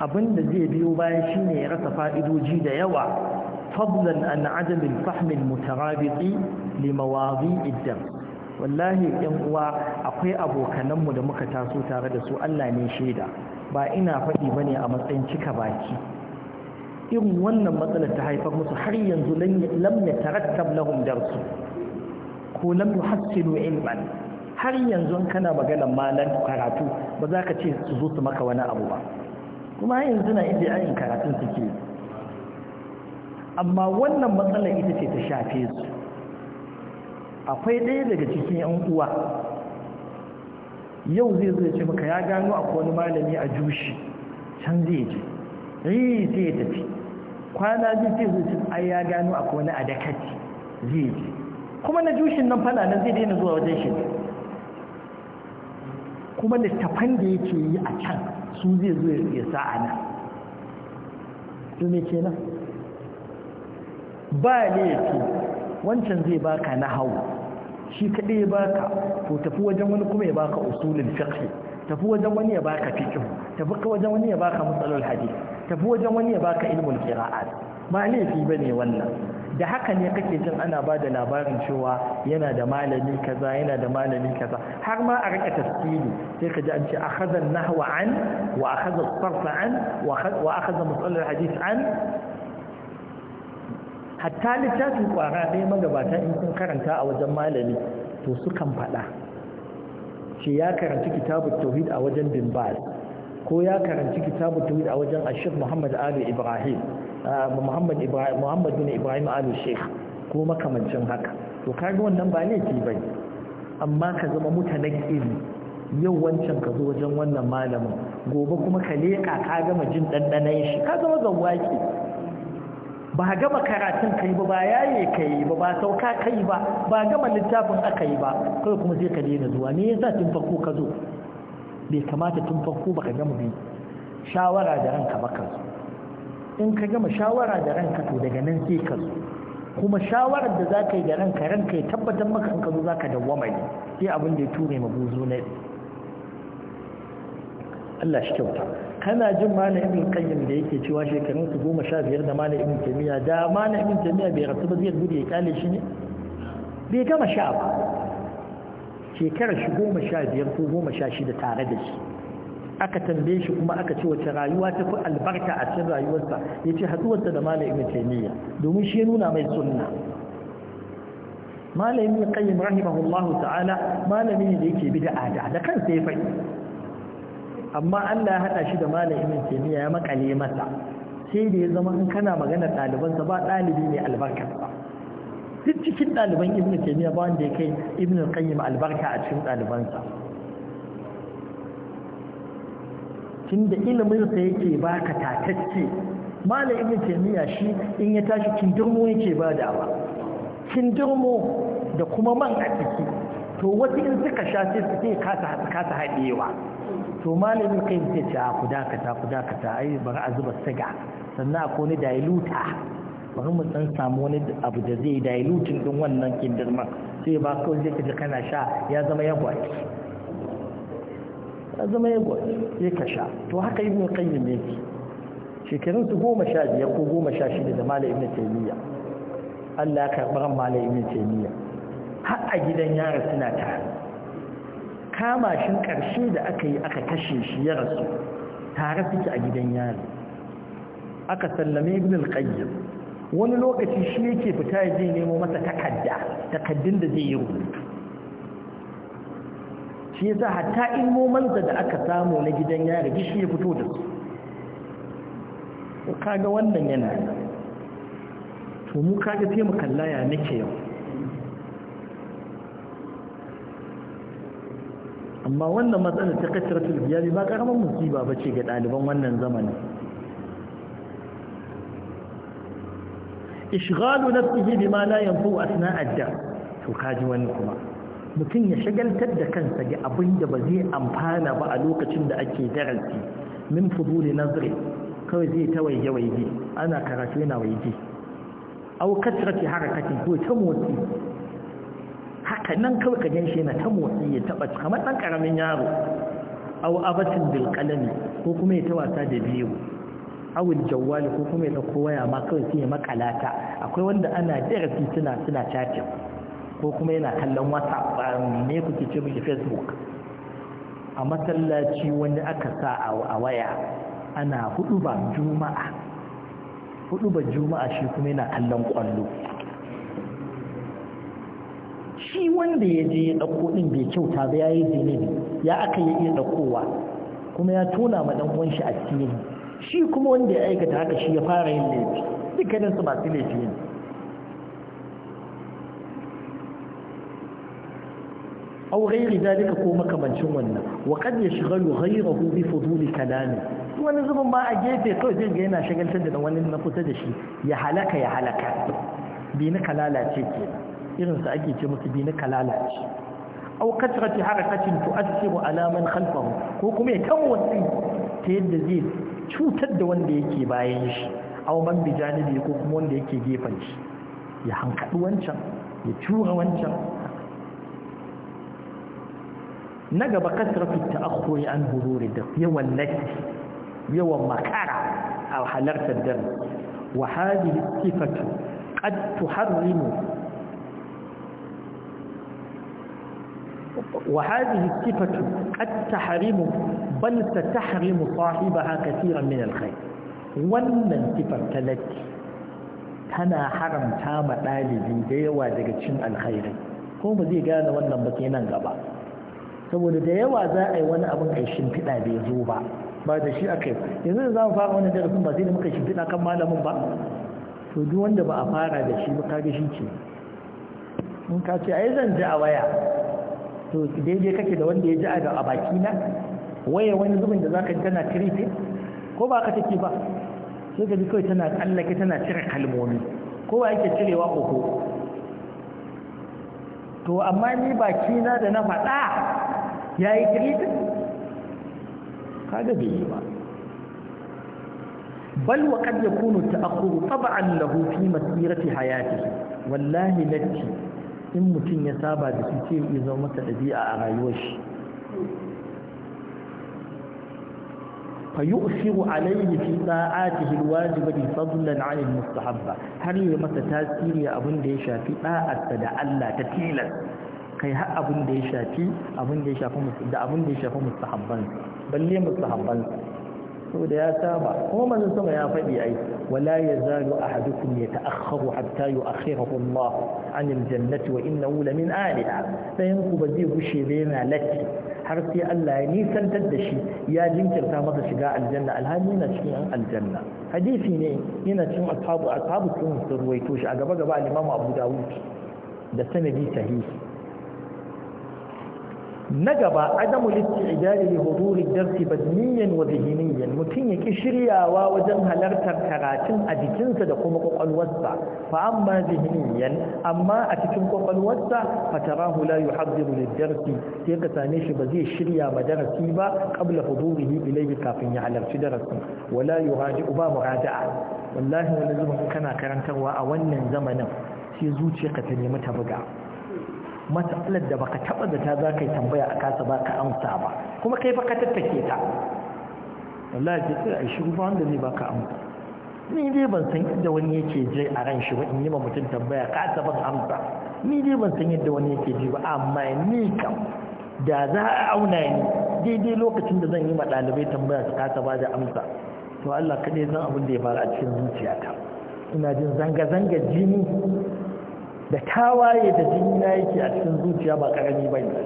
abinda zai biyo bayan shine ya rasa fa'idoji da yawa fadlan an adam alfahm almutarabiti limawadi'i ad wallahi yan uwa akwai abokanan mu da muka taso tare da su Allah ne shaida ba ina faɗi bane a matsayin cika baki irin wannan matsalar ta haifar musu har yanzu lam ya tarattab lahum darsu ko lam yuhassilu ilman har yanzu kana maganar malan karatu ba za ka ce su zo su maka wani abu ba kuma yanzu na inda ayin karatun suke amma wannan matsalar ita ce ta shafe su akwai ɗaya daga cikin yan uwa yau zai zai ce maka ya gano akwai wani malami a jushi can zai je eh, sai ya tafi kwana biyu sai zuci ai ya gano akwai wani adakaci zai ji kuma na jushin nan fana nan zai daina zuwa wajen shi kuma tafan da yake yi a can su zai zo ya sa a nan to me kenan ba laifi wancan zai baka na hau shi kaɗai ya baka to tafi wajen wani kuma ya baka usulul fiqh tafi wajen wani ya baka fiqh tafi wajen wani ya baka matsalar hadith tafi wajen wani ya baka ilmul qira'at ba laifi bane wannan da haka ne kake jin ana ba da labarin cewa yana da malami kaza yana da malami kaza har ma a rika tafsiri sai ka ji an ce akhadha an-nahwa an wa akhadha as-sarf an wa akhadha musalla hadith an hatta littafin kwara ɗaya magabata in kun karanta a wajen malami to sukan faɗa ce ya karanci kitabut tauhid a wajen bin ko ya karanci kitabu tawhid a wajen ashir muhammad ali ibrahim muhammad ibrahim bin ibrahim ali sheikh ko makamancin haka to kaga wannan ba ki bai amma ka zama iri yau wancan ka zo wajen wannan malamin gobe kuma ka leƙa ka gama jin ɗanɗanan shi ka zama zawaki ba gama karatun kai ba ba yaye kai ba ba sauka kai ba ba gama littafin aka yi ba kai kuma sai ka daina zuwa ne yasa tun farko ka zo bai kamata tun farko baka gama bi shawara da ranka ba kansu in ka gama shawara da ranka to daga nan sai ka zo kuma shawarar da za ka yi da ranka ranka ya tabbatar maka in ka zo za ka dawwama ne sai abin da ya ture ma buzu na Allah shi kyauta kana jin malam ibn qayyim da yake cewa shekarun su goma sha biyar da malam ibn taymiya da malam ibn taymiya bai rasu ba zai gudu ya kale shi ne bai gama sha ba shekarar shi goma sha biyar ko goma sha shida tare da shi aka tambaye shi kuma aka ce wace rayuwa ta fi albarka a cikin rayuwarsa ya ce haɗuwarsa da malam ibn taimiyya domin shi ya nuna mai sunna malam ibn qayyim rahimahullahu ta'ala malami ne da yake bid'a da da kan ya faɗi amma Allah ya haɗa shi da malam ibn taimiyya ya makale masa sai da ya zama in kana magana ɗalibansa ba ɗalibi mai albarkarsa duk cikin ɗaliban ibn taimiyya ba wanda ya kai ibn qayyim albarka a cikin ɗalibansa tunda ilimin sa yake ka tatacce mala ibn taimiyya shi in ya tashi kindirmo yake badawa kindirmo da kuma man a ciki to wasu in suka sha sai su ce kasa haɗewa to malamin kai sai ce a ah, ku dakata ku dakata ai bari a zuba siga sannan akwai ni diluta bari mu san samu wani abu da zai dilutin din wannan kindirma sai ba kawai zai kaji kana sha ya zama yagwai ya zama yagwai sai ka sha to haka yi ibn qayyim yake shekarun su goma sha biyar ko goma sha shida da malam ibn taymiya Allah ya karɓar ran ibn taymiya har a gidan yara suna tare kama shin ƙarshe da aka yi aka kashe shi ya rasu tare suke a gidan yari aka sallame ibn al-qayyim wani lokaci shi yake fita ya zai nemo masa takadda takaddun da zai yi rubutu shi sa hatta ilmomansa da aka samu na gidan yari shi ya fito da su kaga wannan yana to mu kaga sai mu kalla ya nake yau amma wannan matsalar ta kasar tulbiyari ba karamar musiba ba ce ga ɗaliban wannan zamanin ishghalu nafsihi bima la yanfu asna adda to kaji wani kuma mutum ya shagaltar da kansa ga abin da ba zai amfana ba a lokacin da ake darasi min fuduli nazri kawai zai ta waige waige ana karatu yana waige au kasrati harakati ko ta motsi haka nan kawai ka ganshi yana ta motsi ya taba kamar dan karamin yaro au abatin bil qalami ko kuma ya ta wasa da biyu awul jawwali ko kuma ya dauko waya ma kawai sai ya makalata akwai wanda ana darasi suna suna chatting ko kuma yana kallon whatsapp ne kuke ce miki facebook a masallaci wani aka sa a waya ana hudu ba juma'a hudu ba juma'a shi kuma yana kallon kwallo shi wanda ya je ya ɗauko ɗin bai kyauta ba yayi yi ya aka yi iya ɗaukowa kuma ya tona ma dan uwan shi a cikin shi kuma wanda ya aikata haka shi ya fara yin laifi dukkanin su masu laifi ne aw ghairi dalika ko makamancin wannan wa qad yashghalu ghayrahu bi fudul kalami wani zubin ba a gefe kawai zai ga yana shagaltar da wani na kusa da shi ya halaka ya halaka bi na kalalace ke irin sa ake ce musu bi na kalalace aw katrati harakatin tu'assiru ala man khalfahu ko kuma ya kan wasi ta yadda zai cutar da wanda yake bayan shi aw man bi ko kuma wanda yake gefen shi ya hankali wancan ya tura wancan na gaba kasratu akwai an huduri da yawan lati yawan makara a halartar darasi wa hadhihi sifatu qad tuharrimu وهذه الصفة قد تحرم bal satahrimu sahibaha kaseeran min alkhair wannan sifar talaki tana haramta ma ɗalibi da yawa daga cin alkhairi. ko ba zai gane wannan ba kenan gaba saboda da yawa za a yi wani abin a shimfiɗa bai zo ba ba da shi aka yi yanzu da za mu fara wani darasin ba sai da muka shimfiɗa kan malamin ba to duk wanda ba a fara da shi ba ga shi ce in ka ce ai zan ji a waya to daidai kake da wanda ya ji a baki na waye wani zubin da zaka tana tirife ko ba ka take ba sai ka ji kai tana tsallake tana cire kalmomi ko ba yake cirewa oho to amma ni baki na da na faɗa yayi tirife kaga bai yi ba بل وقد يكون التأخر طبعا له في مسيرة حياته والله لك إن متن يسابع بسيتي إذا متى أبيع أغايوش Ka عليه في طاعاته الواجبة فضلا عن المستحبة هل يمت da أبن ديشا في ya تدعى الله تتيلا kai har abin da ya shafi abin da ya shafi da abin da ya shafi mustahabban balle mustahabban da ya saba kuma manzon sama ya faɗi ai wala yazalu ahadukum yata'akhkharu hatta yu'akhirahu Allah 'an al-jannati wa innahu lamin ahliha dayan ku ba zai gushe ba yana latti har sai Allah ya nisantar da shi ya jinkirta masa shiga aljanna alhali yana cikin yan aljanna hadisi ne yana cikin ashabu ashabu sun ruwaito shi a gaba gaba al-Imam Abu Dawud da sanadi sahihi na gaba adamu listi ijari li huduri darsi badniyan wa zihiniyan mutum ya ki shiryawa wajen halartar karatun a jikinsa da kuma kwakwalwarsa fa amma zihiniyan amma a cikin kwakwalwarsa fa tarahu la yuhaddiru lid darsi sai ka same shi ba zai shirya ma darasi ba qabla hudurihi ilayhi kafin ya halarci darasi wala yuhadi'u ba muraja'a wallahi wani zubin kana karantarwa a wannan zamanin sai zuciyarka ta nemi ta buga matsalar da baka taba da ta za ka yi tambaya a kasa ba ka amsa ba kuma kai baka tattake ta wallahi ce sai a shiru ba wanda zai baka amsa ni dai ban san yadda wani yake je a ran shi ba in yi ma mutum tambaya kasa ban amsa ni dai ban san yadda wani yake ji ba amma ni kam da za a auna ni daidai lokacin da zan yi ma ɗalibai tambaya su kasa ba da amsa to Allah kaɗai zan abin da ya fara a cikin zuciyata ina jin zanga-zanga jini da tawaye da jinina yake a cikin zuciya ba karami ba ne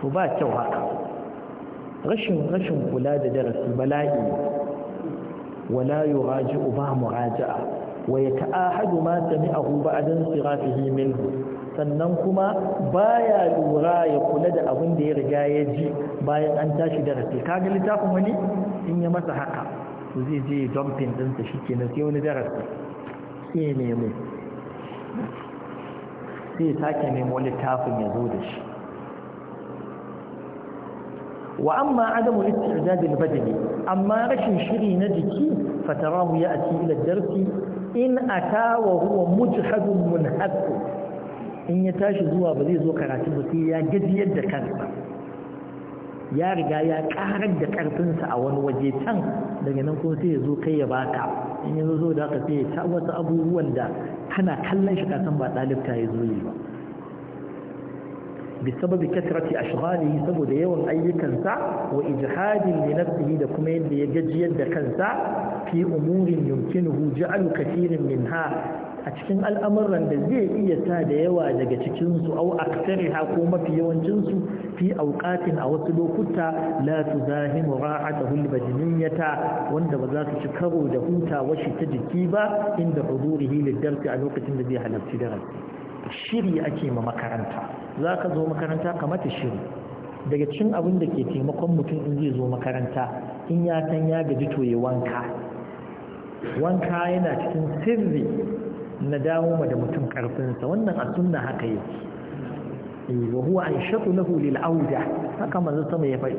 su ba kyau haka rashin rashin kula da darasi bala'i wala yuraji'u ba muraja'a wa yata'ahadu ma sami'ahu ba'dan sirafihi minhu sannan kuma baya lura ya kula da abin da ya riga ya ji bayan an tashi darasi ga littafin wani in ya masa haka zai je jumping ɗinsa shi shikenan sai wani darasi sai nemo sai sake nemo littafin ya zo da shi wa amma adamu istijadil badani amma rashin shiri na jiki fatarahu ya ati ila darsi in ata wa huwa mujhadun munhaq in ya tashi zuwa ba zai zo karatu ba sai ya gajiyar da kansa ya riga ya karar da karfinsa a wani waje can daga nan kuma sai ya zo kai ya baka in ya zo da ka sai ya ta wasu abubuwan da kana kallon shi kasan ba ɗalibta ya zo yi ba بسبب كثرة أشغاله سبب يوم أي كنسا وإجهاد لنفسه دكما يدي يجي يد كنسا في أمور يمكنه جعل كثير منها أتكن الأمر الذي يساد يوى دك تكنس أو أكثرها قوم في يوم جنس في أوقات أو سلوكتا لا تزاهم راحته البدنية وند وذات شكره دهوتا وشتجكيبا عند حضوره للدرس على وقت الذي حلبت درسه shiri ake ma makaranta za ka zo makaranta ka mata shiri daga cin abin da ke taimakon mutum in zai zo makaranta in ya san ya gaji to ya wanka wanka yana cikin sirri na dawo ma da mutum karfinsa wannan a sunna haka yake eh, wa huwa an shatu na huli la'auda haka manzo sama ya faɗi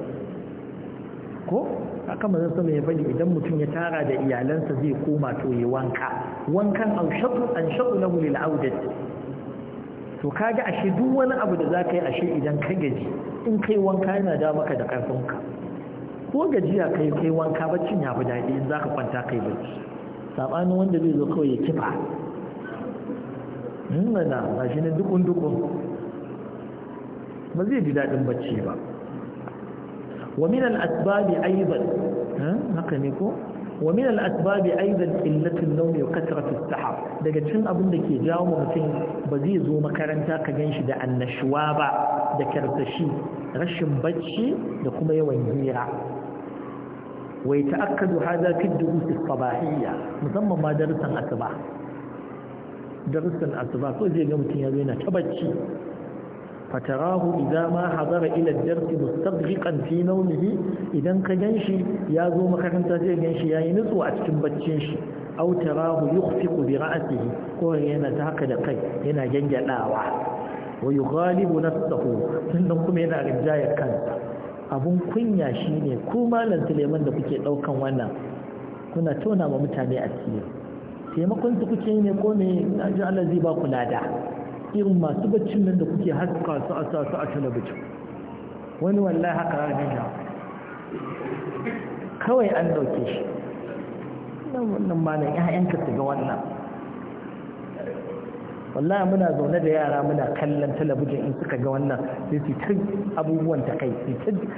ko haka manzo sama ya faɗi idan mutum ya tara da iyalansa zai koma to ya wanka wankan an shatu na huli la'auda to kaga ashe duk wani abu da za ka yi ashe idan ka gaji in kai wanka yana da maka da ƙarfinka ko gajiya kai kai wanka baccin ya fi daɗi in za ka kwanta kai bacci saɓanin wanda zai zo kawai ya kifa nuna hmm, ba shi ne dukun-dukun ba zai ji daɗin bacci ba wa min al-asbabi aiban hmm, haka ne ko ومن الأسباب أيضا قلة النوم وكثرة السحر daga cikin abin da ke jawo wa mutum ba zai zo makaranta ka ganshi da annashuwa ba da karsashi rashin bacci da kuma yawan hira wai ta'akkadu hada fi durus sabahiyya musamman ma darussan asuba darussan asuba ko zai ga mutum ya zo yana ta bacci فتراه إذا ما حضر إلى الدرس مستغرقا في نومه إذا كجنشي يا زوم كرنتا جنشي يا ينس وأتكم بتشنشي أو تراه يخفق برأسه هو هنا تهكذا قي هنا جنجا لاوع ويغالب نفسه سنكم هنا رجاية كانت abun kunya shine ko malam Suleiman da kuke daukan wannan kuna tona ma mutane asiri taimakon su kuke ne ko me Allah zai ba ku lada irin masu baccin nan da kuke haska su a sa su a talabijin wani wallahi haka ranar da kawai an dauke shi nan wannan malam ƴaƴanka su ga wannan wallahi muna zaune da yara muna kallon talabijin in suka ga wannan sai su ta abubuwan ta kai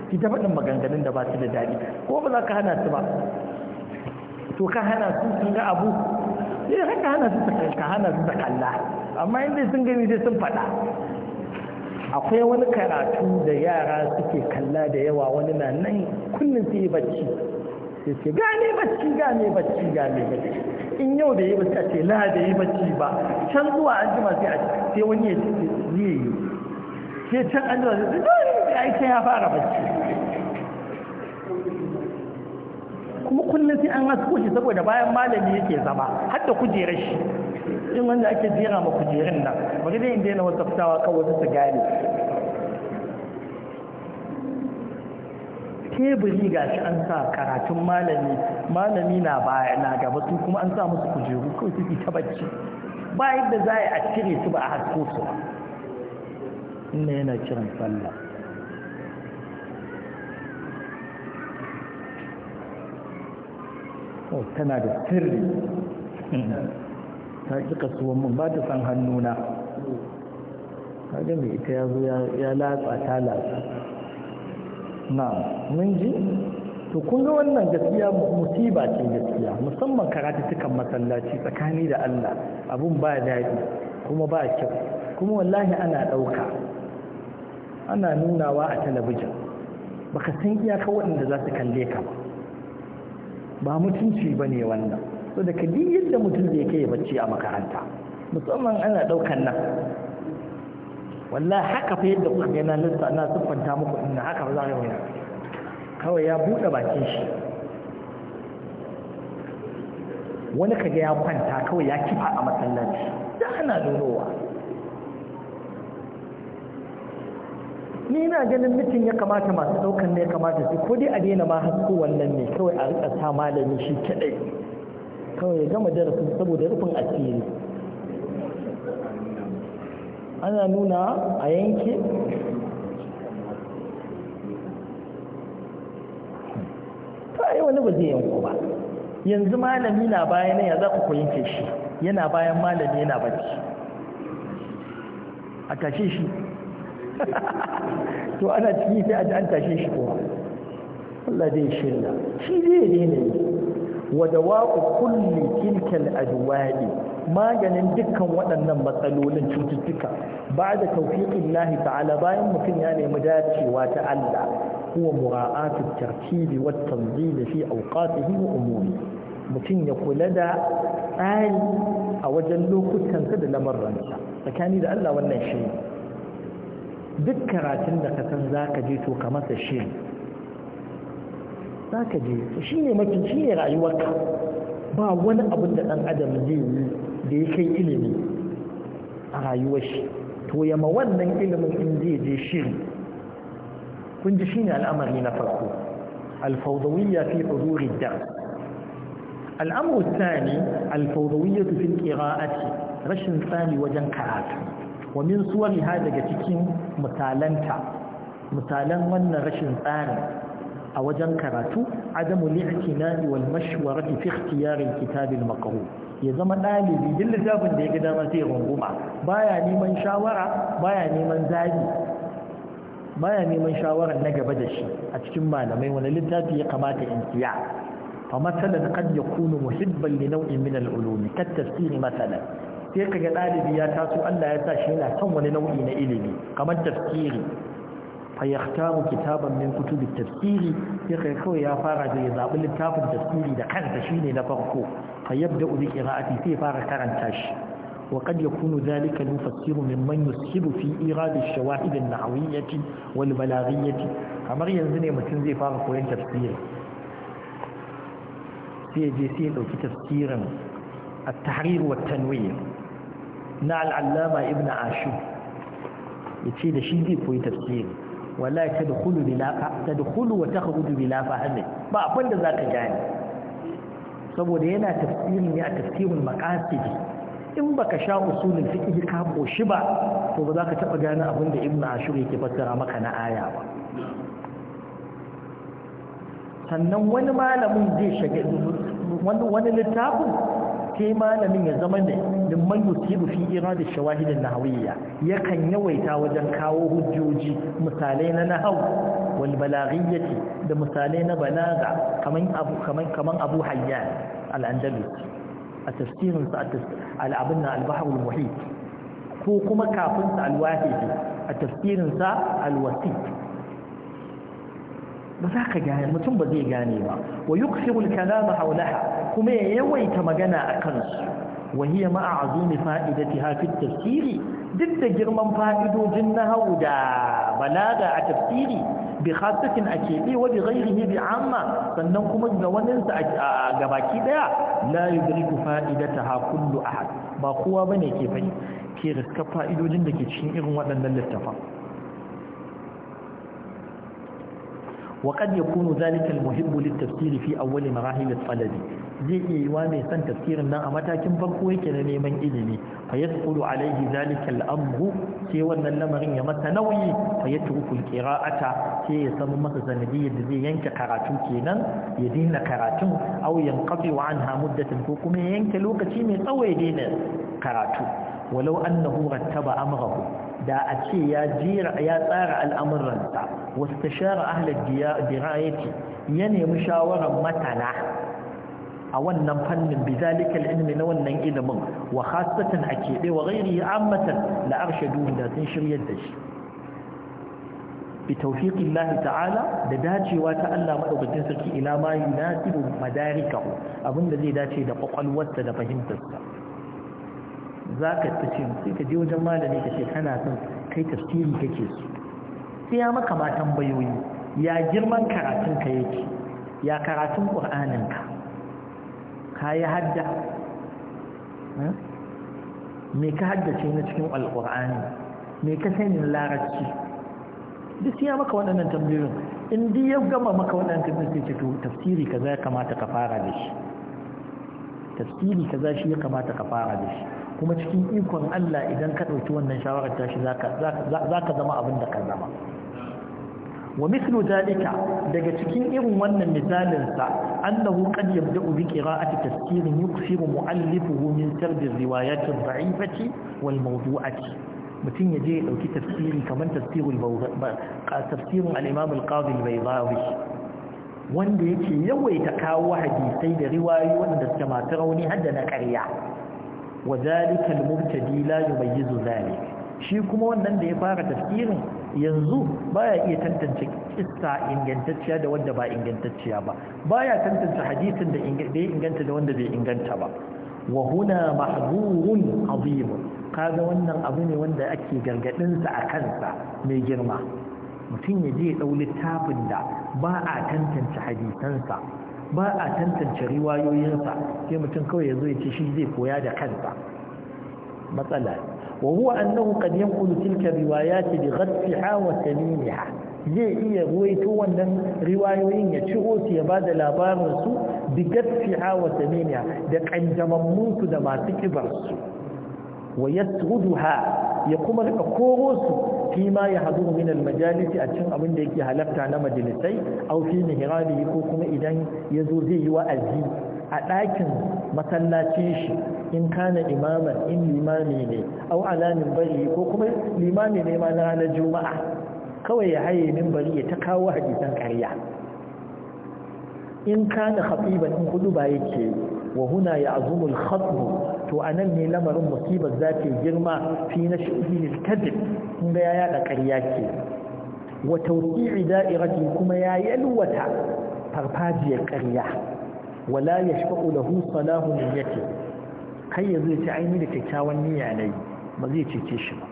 su ta faɗin maganganun da ba su da daɗi ko ba za ka hana su ba to ka hana su sun ga abu sai eh, haka hana su ka hana su ta kalla amma inda sun gani sai sun faɗa akwai wani karatu da yara suke kalla da yawa wani na nan kullum sai bacci sai ce gane bacci gane bacci gane bacci in yau da yi bacci a ce la da yi bacci ba can zuwa an jima sai a ce wani ya ce ya yi sai can an jima sai ce ai sai ya fara bacci kuma kullum sai an hasko shi saboda bayan malami yake zama har da kujerar shi irin wanda ake jera ma kujerun nan bari zai inda yana wasu fitawa kawai wasu su gane teburi ga shi an sa karatun malami malami na baya na gaba su kuma an sa musu kujeru kawai su ta bacci ba yadda za a cire su ba a hasko su inda yana kiran sallah oh, tana da sirri ta kasuwan mun ba ta san hannuna kaga mai ita ya zo ya latsa ta latsa na mun ji to kun ga wannan gaskiya musiba ce gaskiya musamman karatu tukan masallaci tsakani da Allah abun ba daɗi kuma ba kyau kuma wallahi ana ɗauka ana nunawa a talabijin baka san iyaka waɗanda za su kalle ka ba ba mutunci ba ne wannan so da kadi yadda mutum da kai bacci a makaranta musamman ana daukan nan wallahi haka fa yadda kuka ga na lissa na siffanta muku in haka ba za ka yi kawai ya bude bakin shi wani kaga ya kwanta kawai ya kifa a masallaci da ana nunowa ni na ganin mutum ya kamata masu daukan ne ya kamata su ko dai a daina ma hasko wannan ne kawai a rika sa malami shi kadai kawai ya gama darasin saboda rufin asiri ana nuna a yanke ta yi wani ba zai yanko ba yanzu malami na bayan ya za ku koyince shi yana bayan malami yana bacci a tashe shi to ana ciki sai a ji an tashe shi kowa Allah zai shirya shi zai ne ne Wada dawa'u kulli tilka al maganin dukkan waɗannan matsalolin cututtuka ba da tawfiqin Allah ta'ala bayan mutum ya nemi dacewa ta Allah huwa mura'atu tartibi wa tanzil fi awqatihi wa umuri mutum ya kula da tsari a wajen lokutansa da lamarransa tsakani da Allah wannan shi duk karatun da ka san zaka je to ka masa shiri za ka je shi ne mafi shi ne rayuwarka ba wani abin da ɗan adam zai yi da ya kai ilimi a rayuwar shi to yamma wannan ilimin in zai je shiri kun ji shi ne al'amari na farko alfaudawiyya fi huzuri dar al'amuru tsani alfaudawiyya fi ƙira'ati rashin tsani wajen karatu wa min suwari ha daga cikin mutalanta, mutalan wannan rashin tsari. a wajen karatu adamu li'tinai wal mashwarati fi ikhtiyari kitab al ya zama dalibi din littafin da ya ga dama sai runguma baya neman shawara baya neman zabi baya neman shawara na gaba da shi a cikin malamai wani littafi ya kamata in siya fa masalan qad yakunu muhibban li naw'in min al ka kat tafsir sai kaga dalibi ya taso Allah ya sa shi yana son wani nau'i na ilimi kamar tafsiri فيختار كتابا من كتب التفسير يقرأ يا فارغ يذاب الكتاب التفسير إذا كان تشين لفرقه فيبدأ بقراءته في فارغ تاش وقد يكون ذلك المفسر ممن من يسهب في إيراد الشواهد النحويه والبلاغية أمر ينزل يمتن زي فارغ وين تفسير في جيسين أو تفسيرا التحرير والتنوير نعل العلامه ابن عاشور يتشيد شيء في تفسيره wallahi tadkhulu bila fa wa takhruju bila fahmi ba abin da zaka gane saboda yana tafsirin ne a tafsirin maqasid in baka sha usulul fiqh ka boshi ba to ba zaka taɓa gane abin da ibnu ashur yake fassara maka na aya ba sannan wani malamin zai shiga wani littafin sai malamin ya zama ne limman yusibu fi irada shawahid an-nahawiyya yakan yawaita wajen kawo hujjoji misalai na nahaw wal balaghiyyati da misalai na balaga kaman abu kaman kaman Abu Hayyan al-Andalus a tafsirin sa al-abun al-bahr al-muhit ko kuma kafin sa al-wahidi a tafsirin sa al-wasit ba za ka gane mutum ba zai gane ba wa yuksirul kalama haulaha kuma ya yawaita magana a kansu ya hiya ma'a azumi ta hafi tafsiri duk da girman fa'idojin hau da balaga a tafsiri bi khassatin a keɓe wa bi ne bi amma sannan kuma ga waninsa a gabaki daya la yudriku ha kullu ahad ba kowa ne ke fahimta ke riska fa'idojin da ke cikin irin waɗannan littafan وقد يكون ذلك المحب للتفسير في أول مراحل الطلب زي إيواني سن تفسير نا أمتا كم بقوه كنمي من إذني فيدخل عليه ذلك الأمر سيوى أن اللمرين يمتنوي فيترك القراءة سيوى سمم سندية زي ينك كراتو كينا يدين كراتو أو ينقطع عنها مدة فوقم ينك لوكتي من أو يدين كراتو ولو أنه رتب أمره da a ce ya jira ya tsara al'amuransa wastashara ahlal dirayati ya nemi shawaran matana a wannan fannin bizalikal ilmi na wannan ilimin wa khassatan a keɓe wa ya ammatan la arshadu da sun shiryar da shi bi tawfiqin lahi ta'ala da dacewa ta Allah madaukakin sarki ila ma madarika. madarikahu abinda zai dace da kwakwalwarsa da fahimtarsa za ka tace sai ka je wajen malami ka ce kana son kai tafsiri kake so sai ya maka ma tambayoyi ya girman karatun ka yake ya karatun ƙur'anin ka ka yi hadda hmm? me ka haddace na cikin alƙur'ani me ka sanin larabci duk sai ya maka waɗannan tambayoyin in dai ya gama maka waɗannan tambayoyin sai ce to tafsiri kaza ya kamata ka fara da shi tafsiri kaza shi ya kamata ka fara da shi kuma cikin ikon Allah idan ka ɗauki wannan shawarar tashi za ka zama abin da ka zama wa mislu zalika daga cikin irin wannan misalinsa, sa annahu qad yabda'u bi qira'ati tafsirin yuksiru mu'allifuhu min sardi riwayat ad-da'ifati wal mawdu'ati mutun yaje ya dauki tafsiri kaman tafsirul tafsirin al-imam al-qadi al-baydawi wanda yake yawaita kawo hadisai da riwayoyi wanda suke masu rauni har da na ƙarya wa zalika al-mubtadi la yubayyizu zalik shi kuma wannan da ya fara tafsirin yanzu baya iya tantance kissa ingantacciya da wanda ba ingantacciya ba baya tantance hadisin da bai inganta da wanda bai inganta ba wa huna mahzurun azim kaga wannan abu ne wanda ake gargadin sa a kansa mai girma mutum ya je ya dau littafin da ba a tantance hadisansa ba a tantance riwayoyinsa sai mutum kawai ya zo ya ce shi zai koya da kansa matsala wa huwa annahu qad yanqulu tilka riwayati bi ghadfiha wa tamimiha zai iya ruwaito wannan riwayoyin ya ci su ya bada labarin su bi ghadfiha wa tamimiha da kanjamammun su da masu kibar su wa yasruduha ya kuma rika koro su fi ma ya hadu min almajalisi a cin abin da yake halarta na majalisai au fi mihrabi ko kuma idan ya zo zai yi wa'azi a ɗakin masallacin shi in kana imaman in limami ne au ala bari ko kuma limami ne ma na ranar juma'a kawai ya haye bari ya ta kawo hadisan ƙarya in kana khatiban in hudu ba yake wa huna ya al-khatm to anan ne lamarin musibar zake girma fi na shi kadhib kun ga ya yada ƙarya ke wa tawqi'i da'irati kuma ya yalwata farfajiyar ƙarya wala yashfa'u lahu salahu min niyyati kai ya yanzu ci aini da kyakkyawan niyya ne ba zai cece shi ba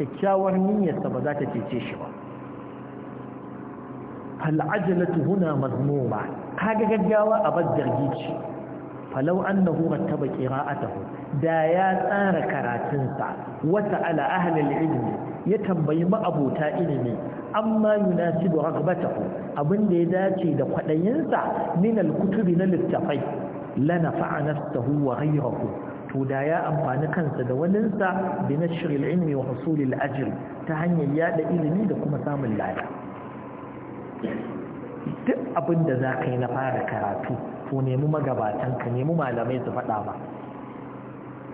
kyakkyawar niyyarsa ba za ta cece shi ba fal'ajalatu huna mazmuma kaga gaggawa a bar zargi ce falau annahu rattaba qira'atahu da ya tsara karatunsa wata ala ahli ilimi ya tambayi ma'abota ilimi amma yunasibu Abin abinda ya dace da sa, min al-kutubi na littafai lana fa'anastahu wa ghayrahu to da ya amfani kansa da waninsa bi nashr al-ilmi wa husul al-ajr ta hanyar yada ilimi da kuma samun lada duk abinda yi na fara karatu ko nemi magabatan ka nemi malamai su faɗa ba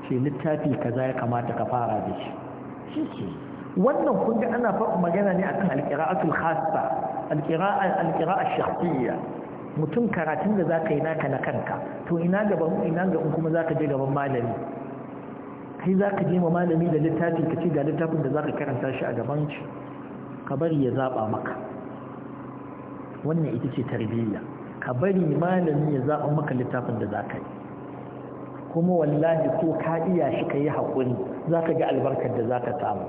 ce littafi kaza ya kamata ka fara da shi wannan kun ga ana faɗa magana ne akan alƙira'atul khassa alƙira'a alƙira'a shakhsiyya mutum karatun da zaka yi naka na kanka to ina gaban ina ga kuma zaka je gaban malami kai zaka je ma malami da littafi ka ce ga littafin da zaka karanta shi a gaban shi ka bari ya zaba maka wannan ita ce tarbiyya ka bari malami ya zaɓa maka littafin da za ka yi kuma wallahi ko ka iya shi ka yi haƙuri za ka ga albarkar da za ka samu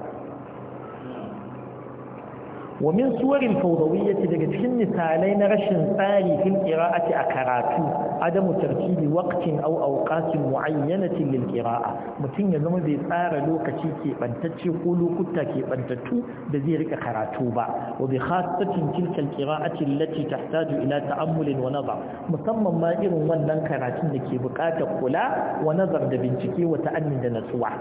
wa min suwarin daga cikin misalai na rashin tsari fil qira'ati a karatu adamu tartibi waqtin aw awqatin muayyanatin lil qira'a mutum ya zama bai tsara lokaci ke bantacce ko lokuta ke bantattu da zai rika karatu ba wa bi khassatin tilka al qira'ati allati tahtaju ila ta'ammul wa nazar musamman ma irin wannan karatun da ke buƙatar kula wa nazar da bincike wa ta'annin da natsuwa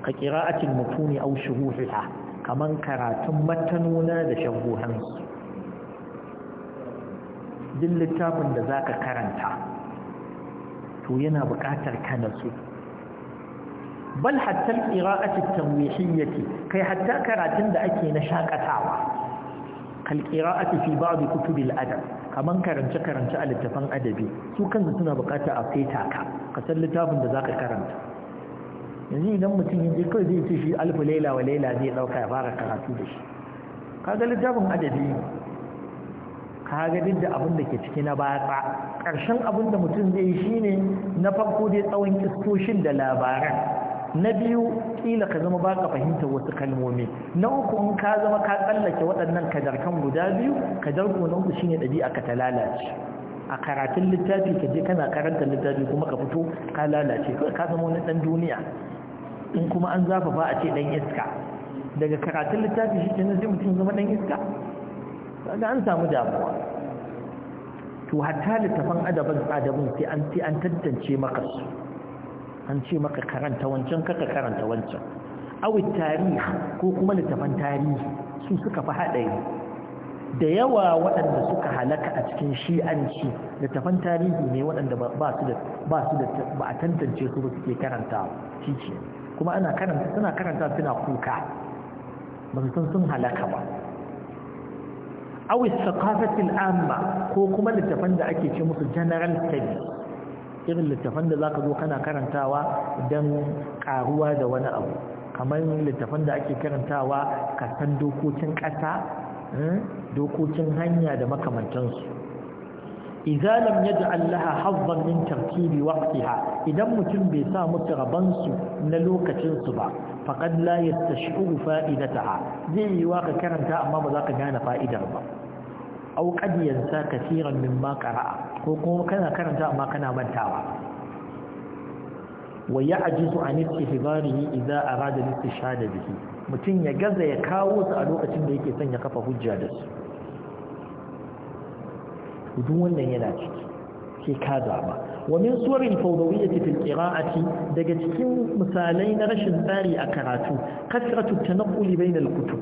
ka qira'atil mutuni aw shuruhiha kaman karatun matanuna da shabuhansu duk littafin da za ka karanta to yana buƙatar ka natsu bal hatta alqira'atu tanwihiyyati kai hatta karatun da ake na shakatawa kal qira'atu fi ba'd kutubil adab kaman karance karance a littafin adabi su kansu suna buƙatar a feta ka ka san littafin da za ka karanta yanzu idan mutum ya je kawai zai ce shi alfu laila wa laila zai dauka ya fara karatu da shi kaga littafin adadi ne kaga duk da abin da ke ciki na batsa ƙarshen abin da mutum zai yi shine na farko dai tsawon kistoshin da labaran na biyu kila ka zama baka fahimtar wasu kalmomi na uku in ka zama ka tsallake waɗannan kadarkan guda biyu kadarko na uku shine ɗabi'a ka ta lalace a karatun littafi ka je kana karanta littafi kuma ka fito ka lalace ka zama wani ɗan duniya in kuma an ba a ce dan iska daga karatun littafi shi ce na zai mutum zama dan iska kaga an samu damuwa to hatta littafan adabin adabin sai an sai an tantance maka su an ce maka karanta wancan kaka karanta wancan awi tarihi ko kuma littafan tarihi su suka fi haɗari da yawa waɗanda suka halaka a cikin shi'anci littafan tarihi ne waɗanda ba su da ba a tantance su ba suke karanta shi kuma ana karanta suna karanta suna kuka ba su sun halaka ba awi saqafatil amma ko kuma littafan da ake ce musu general study irin littafan da zaka zo kana karantawa dan karuwa da wani abu kamar littafan da ake karantawa kasan dokokin kasa hmm, dokokin hanya da makamantansu idza lam yaj'al allaha hazzan min tartibi waqtiha idan mutum bai sa mutu raban su na lokacin su ba faqad la yastash'uru fa'idataha zai yi wa ka karanta amma ba za ka gane fa'idar ba aw qad yansa kaseeran mimma qara'a ko kuma kana karanta amma kana mantawa wa ya'jizu an istihbarihi idza arada al-istishhad bihi mutum ya gaza ya kawo su a lokacin da yake son ya kafa hujja da su duk wannan yana ciki ke ka zaɓa wamin tsorin faudawiyar tafin ƙira'ati daga cikin misalai na rashin tsari a karatu kasiratu ta na ƙuli bai na lukutu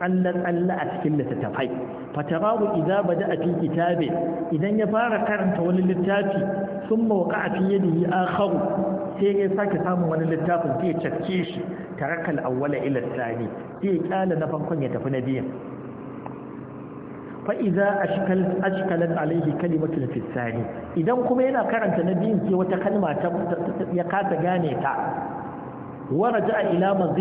allan allah a cikin littattafai fatararu idan ba da a fi kitabe idan ya fara karanta wani littafi sun mauka a fi yadda yi an sai ya sake samun wani littafin zai cakke shi tarakal awwala ila tsani zai kyala na farkon ya tafi na biyan fa'iza ashkalat alaihi kalimatul fisani idan kuma yana karanta na biyun sai wata kalma ta ya kasa gane ta waraja ila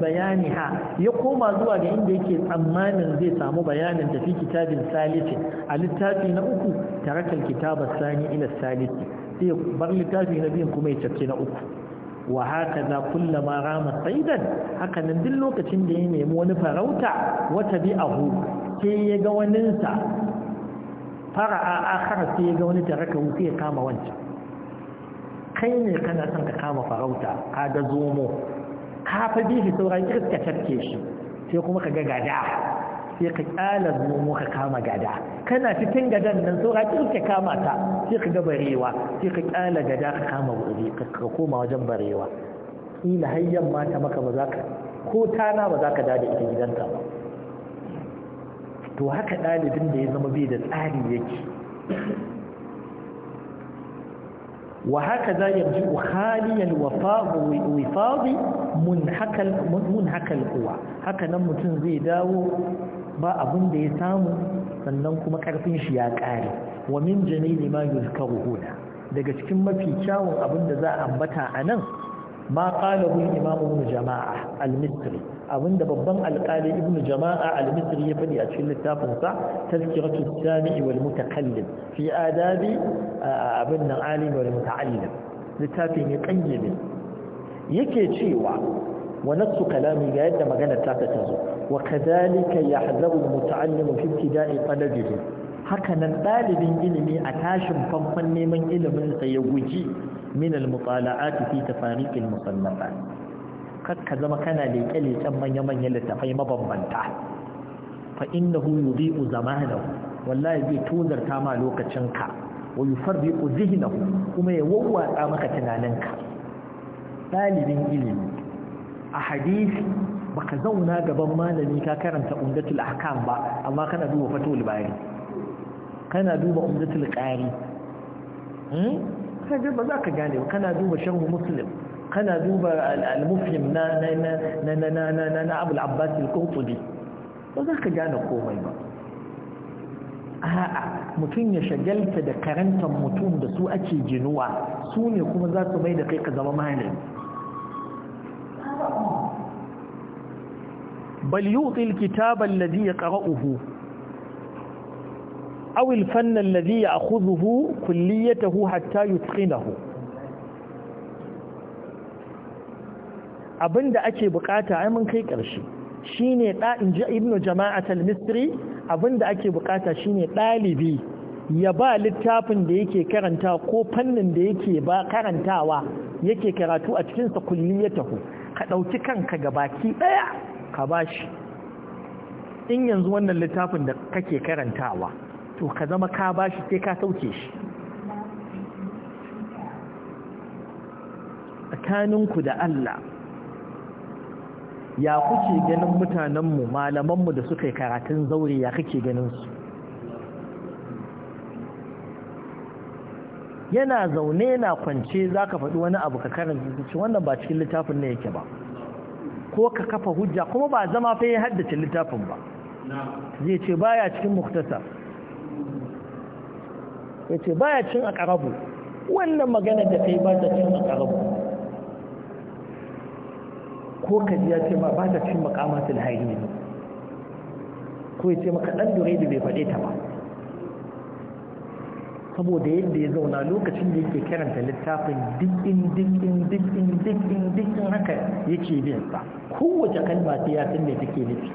bayani ha ya koma zuwa ga inda yake tsammanin zai samu bayanin tafi fi kitabin salisi a littafi na uku tarakal kitabar sani ila salisi sai bar littafi na biyun kuma ya cafke na uku wa haka za kullama rama saidan hakanan duk lokacin da ya nemi wani farauta wata bi'ahu sai ya ga waninsa a akhara sai ya ga wani taraka sai ya kama wancan kai ne kana son ka kama farauta ka ga zomo ka fa bi shi sauran iska tarke shi sai kuma ka ga gada sai ka kyala zomo ka kama gada kana cikin gadan nan sauran iska kama ta sai ka ga barewa sai ka kyala gada ka kama wuri ka koma wajen barewa ila hayyan mata maka ba za ka ko tana ba za ka dada ita gidanka ba to haka ɗalibin da ya zama bai da tsari yake وهكذا يرجع خالي الوفاض mun منحك kuwa haka nan mutum zai dawo ba abin da ya samu sannan kuma karfin shi ya kare wa min jamili ma yuzkaru daga cikin mafi kyawun abin da za a ambata nan ma qala hu imamu jama'a al-misri abinda babban alƙali ibnu jama'a al-misri ya faɗi a cikin littafin sa tazkiratu sami'i wal mutakallim fi adabi abin nan alim wal muta'allim littafin ya kangibe yake cewa wa nassu kalami ga yadda magana ta ta zo wa kadhalika yahzabu al-muta'allim fi ibtida'i talabihi haka nan ɗalibin ilimi a tashin famfan neman ilimin sa ya guji min al-mutala'ati fi tafariqil musannafat kakka zama kana leƙe-leƙen manya manya littafai mabambanta fa innahu yudhi'u zamanahu wallahi zai tozarta ma lokacinka wa yufarriqu zihnahu kuma ya wawwatsa maka tunaninka dalibin ilimi a hadisi baka zauna gaban malami ka karanta umdatul ahkam ba amma kana duba fatul bari kana duba umdatul qari hmm kaje ba za ka gane kana duba shan muslim kana duba al-mufhim na na na na na na na na Abu al-Abbas al-Qurtubi ba za ka gane komai ba a'a mutum ya shagalta da karantar mutum da su ake jinuwa su ne kuma za su mai da kai ka zama malami bal yu'ti al-kitaba alladhi yaqra'uhu aw al-fanna alladhi ya'khudhuhu kulliyatahu hatta yutqinahu Abin da ake bukata ai mun kai ƙarshe shine da inji ibnu jama'atul al-misri abinda ake bukata shine dalibi ya ba littafin da yake karanta ko fannin da yake ba karantawa yake karatu a cikin sa kulliyatahu ka dauki kanka gabaki daya ka bashi in yanzu wannan littafin da kake karantawa to ka zama ka bashi sai ka sauke shi tsakaninku da Allah ya kuke ganin mutanenmu malamanmu da suka yi karatun zaure ya kake ganin su yana zaune yana kwance za ka faɗi wani abu ka karanta su wannan ba cikin littafin ne yake ba ko ka kafa hujja kuma ba zama fa ya haddace littafin ba zai ce baya cikin muktasa ya ce baya cikin akarabu wannan magana da kai ba ta cikin akarabu ko ka ji ya ce ba ba ta cikin makamatul ne ko ya ce maka dan dure da bai faɗe ta ba saboda yadda ya zauna lokacin da yake karanta littafin dikin dikin dikin dikin dikin haka yake bin sa kowace kalma ta ya san da take nufi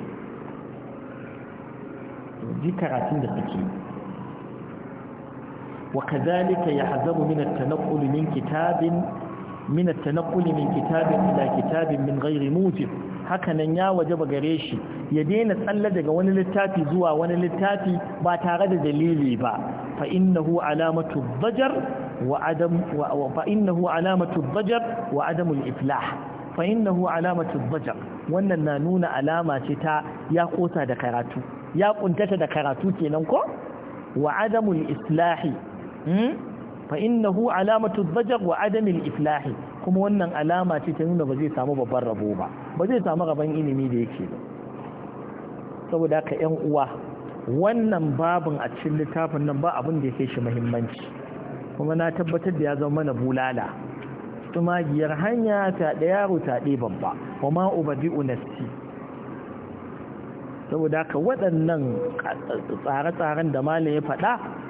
ji karatun da take وكذلك min at-tanaqqul min kitabin? min at-tanaqqul min kitabin ila kitabin min ghairi mujib haka nan ya wajaba gare shi ya daina tsalle daga wani littafi zuwa wani littafi ba tare da dalili ba fa innahu alamatu dhajar wa adam wa fa innahu alamatu dhajar wa adam al-iflah fa innahu alamatu dhajar wannan na nuna alama ce ta ya kosa da karatu ya kuntata da karatu kenan ko wa adamul islahi hmm? fa innahu alamatu dhajr wa adam al kuma wannan alama ce ta nuna ba zai samu babban rabo ba ba zai samu rabon ilimi da yake ba saboda haka ƴan uwa wannan babun a cikin littafin nan ba abin da yake shi muhimmanci kuma na tabbatar da ya zama mana bulala tumagiyar hanya ta da yaro ta ɗe babba wa ma ubadi'u nafsi saboda haka waɗannan tsare-tsaren da malamin ya faɗa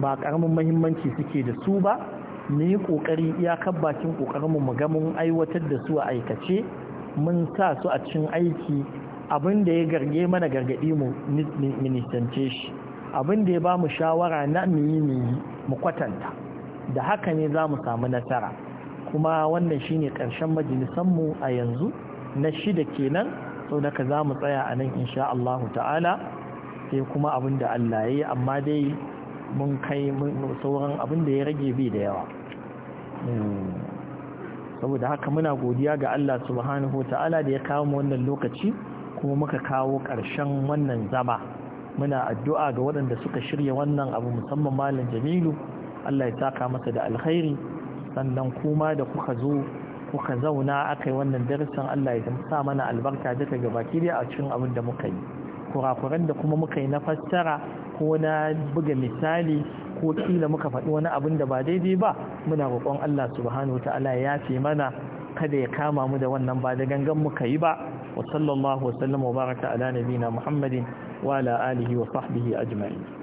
ba ƙaramin mahimmanci suke da su ba mu yi ƙoƙari iyakar bakin ƙoƙarinmu mu ga mun aiwatar da su a aikace mun sa su a cikin aiki abin da ya garge mana gargaɗi mu ministance shi abin da ya ba mu shawara na miyi miyi mu kwatanta da haka ne za mu samu nasara kuma wannan shine ƙarshen mu a yanzu na shida kenan sau ka za mu tsaya a nan insha Allah ta'ala sai kuma abin da Allah ya yi amma dai mun kai sauran abin da ya rage bi da yawa saboda haka muna godiya ga Allah subhanahu ta'ala da ya kawo mu wannan lokaci kuma muka kawo ƙarshen wannan zama muna addu'a ga waɗanda suka shirya wannan abu musamman malam jamilu Allah ya taka masa da alkhairi sannan kuma da kuka zo kuka zauna aka wannan darasin Allah ya sa mana albarka duka gabaki da a cikin abin da muka yi kurakuran da kuma muka yi na fassara ko na buga misali ko kila muka faɗi wani abin da ba daidai ba muna roƙon Allah subhanahu ta'ala ya fi mana kada ya kama mu da wannan ba da gangan muka yi ba wa sallallahu wa sallama wa baraka ala nabina muhammadin wa ala alihi wa sahbihi ajma'in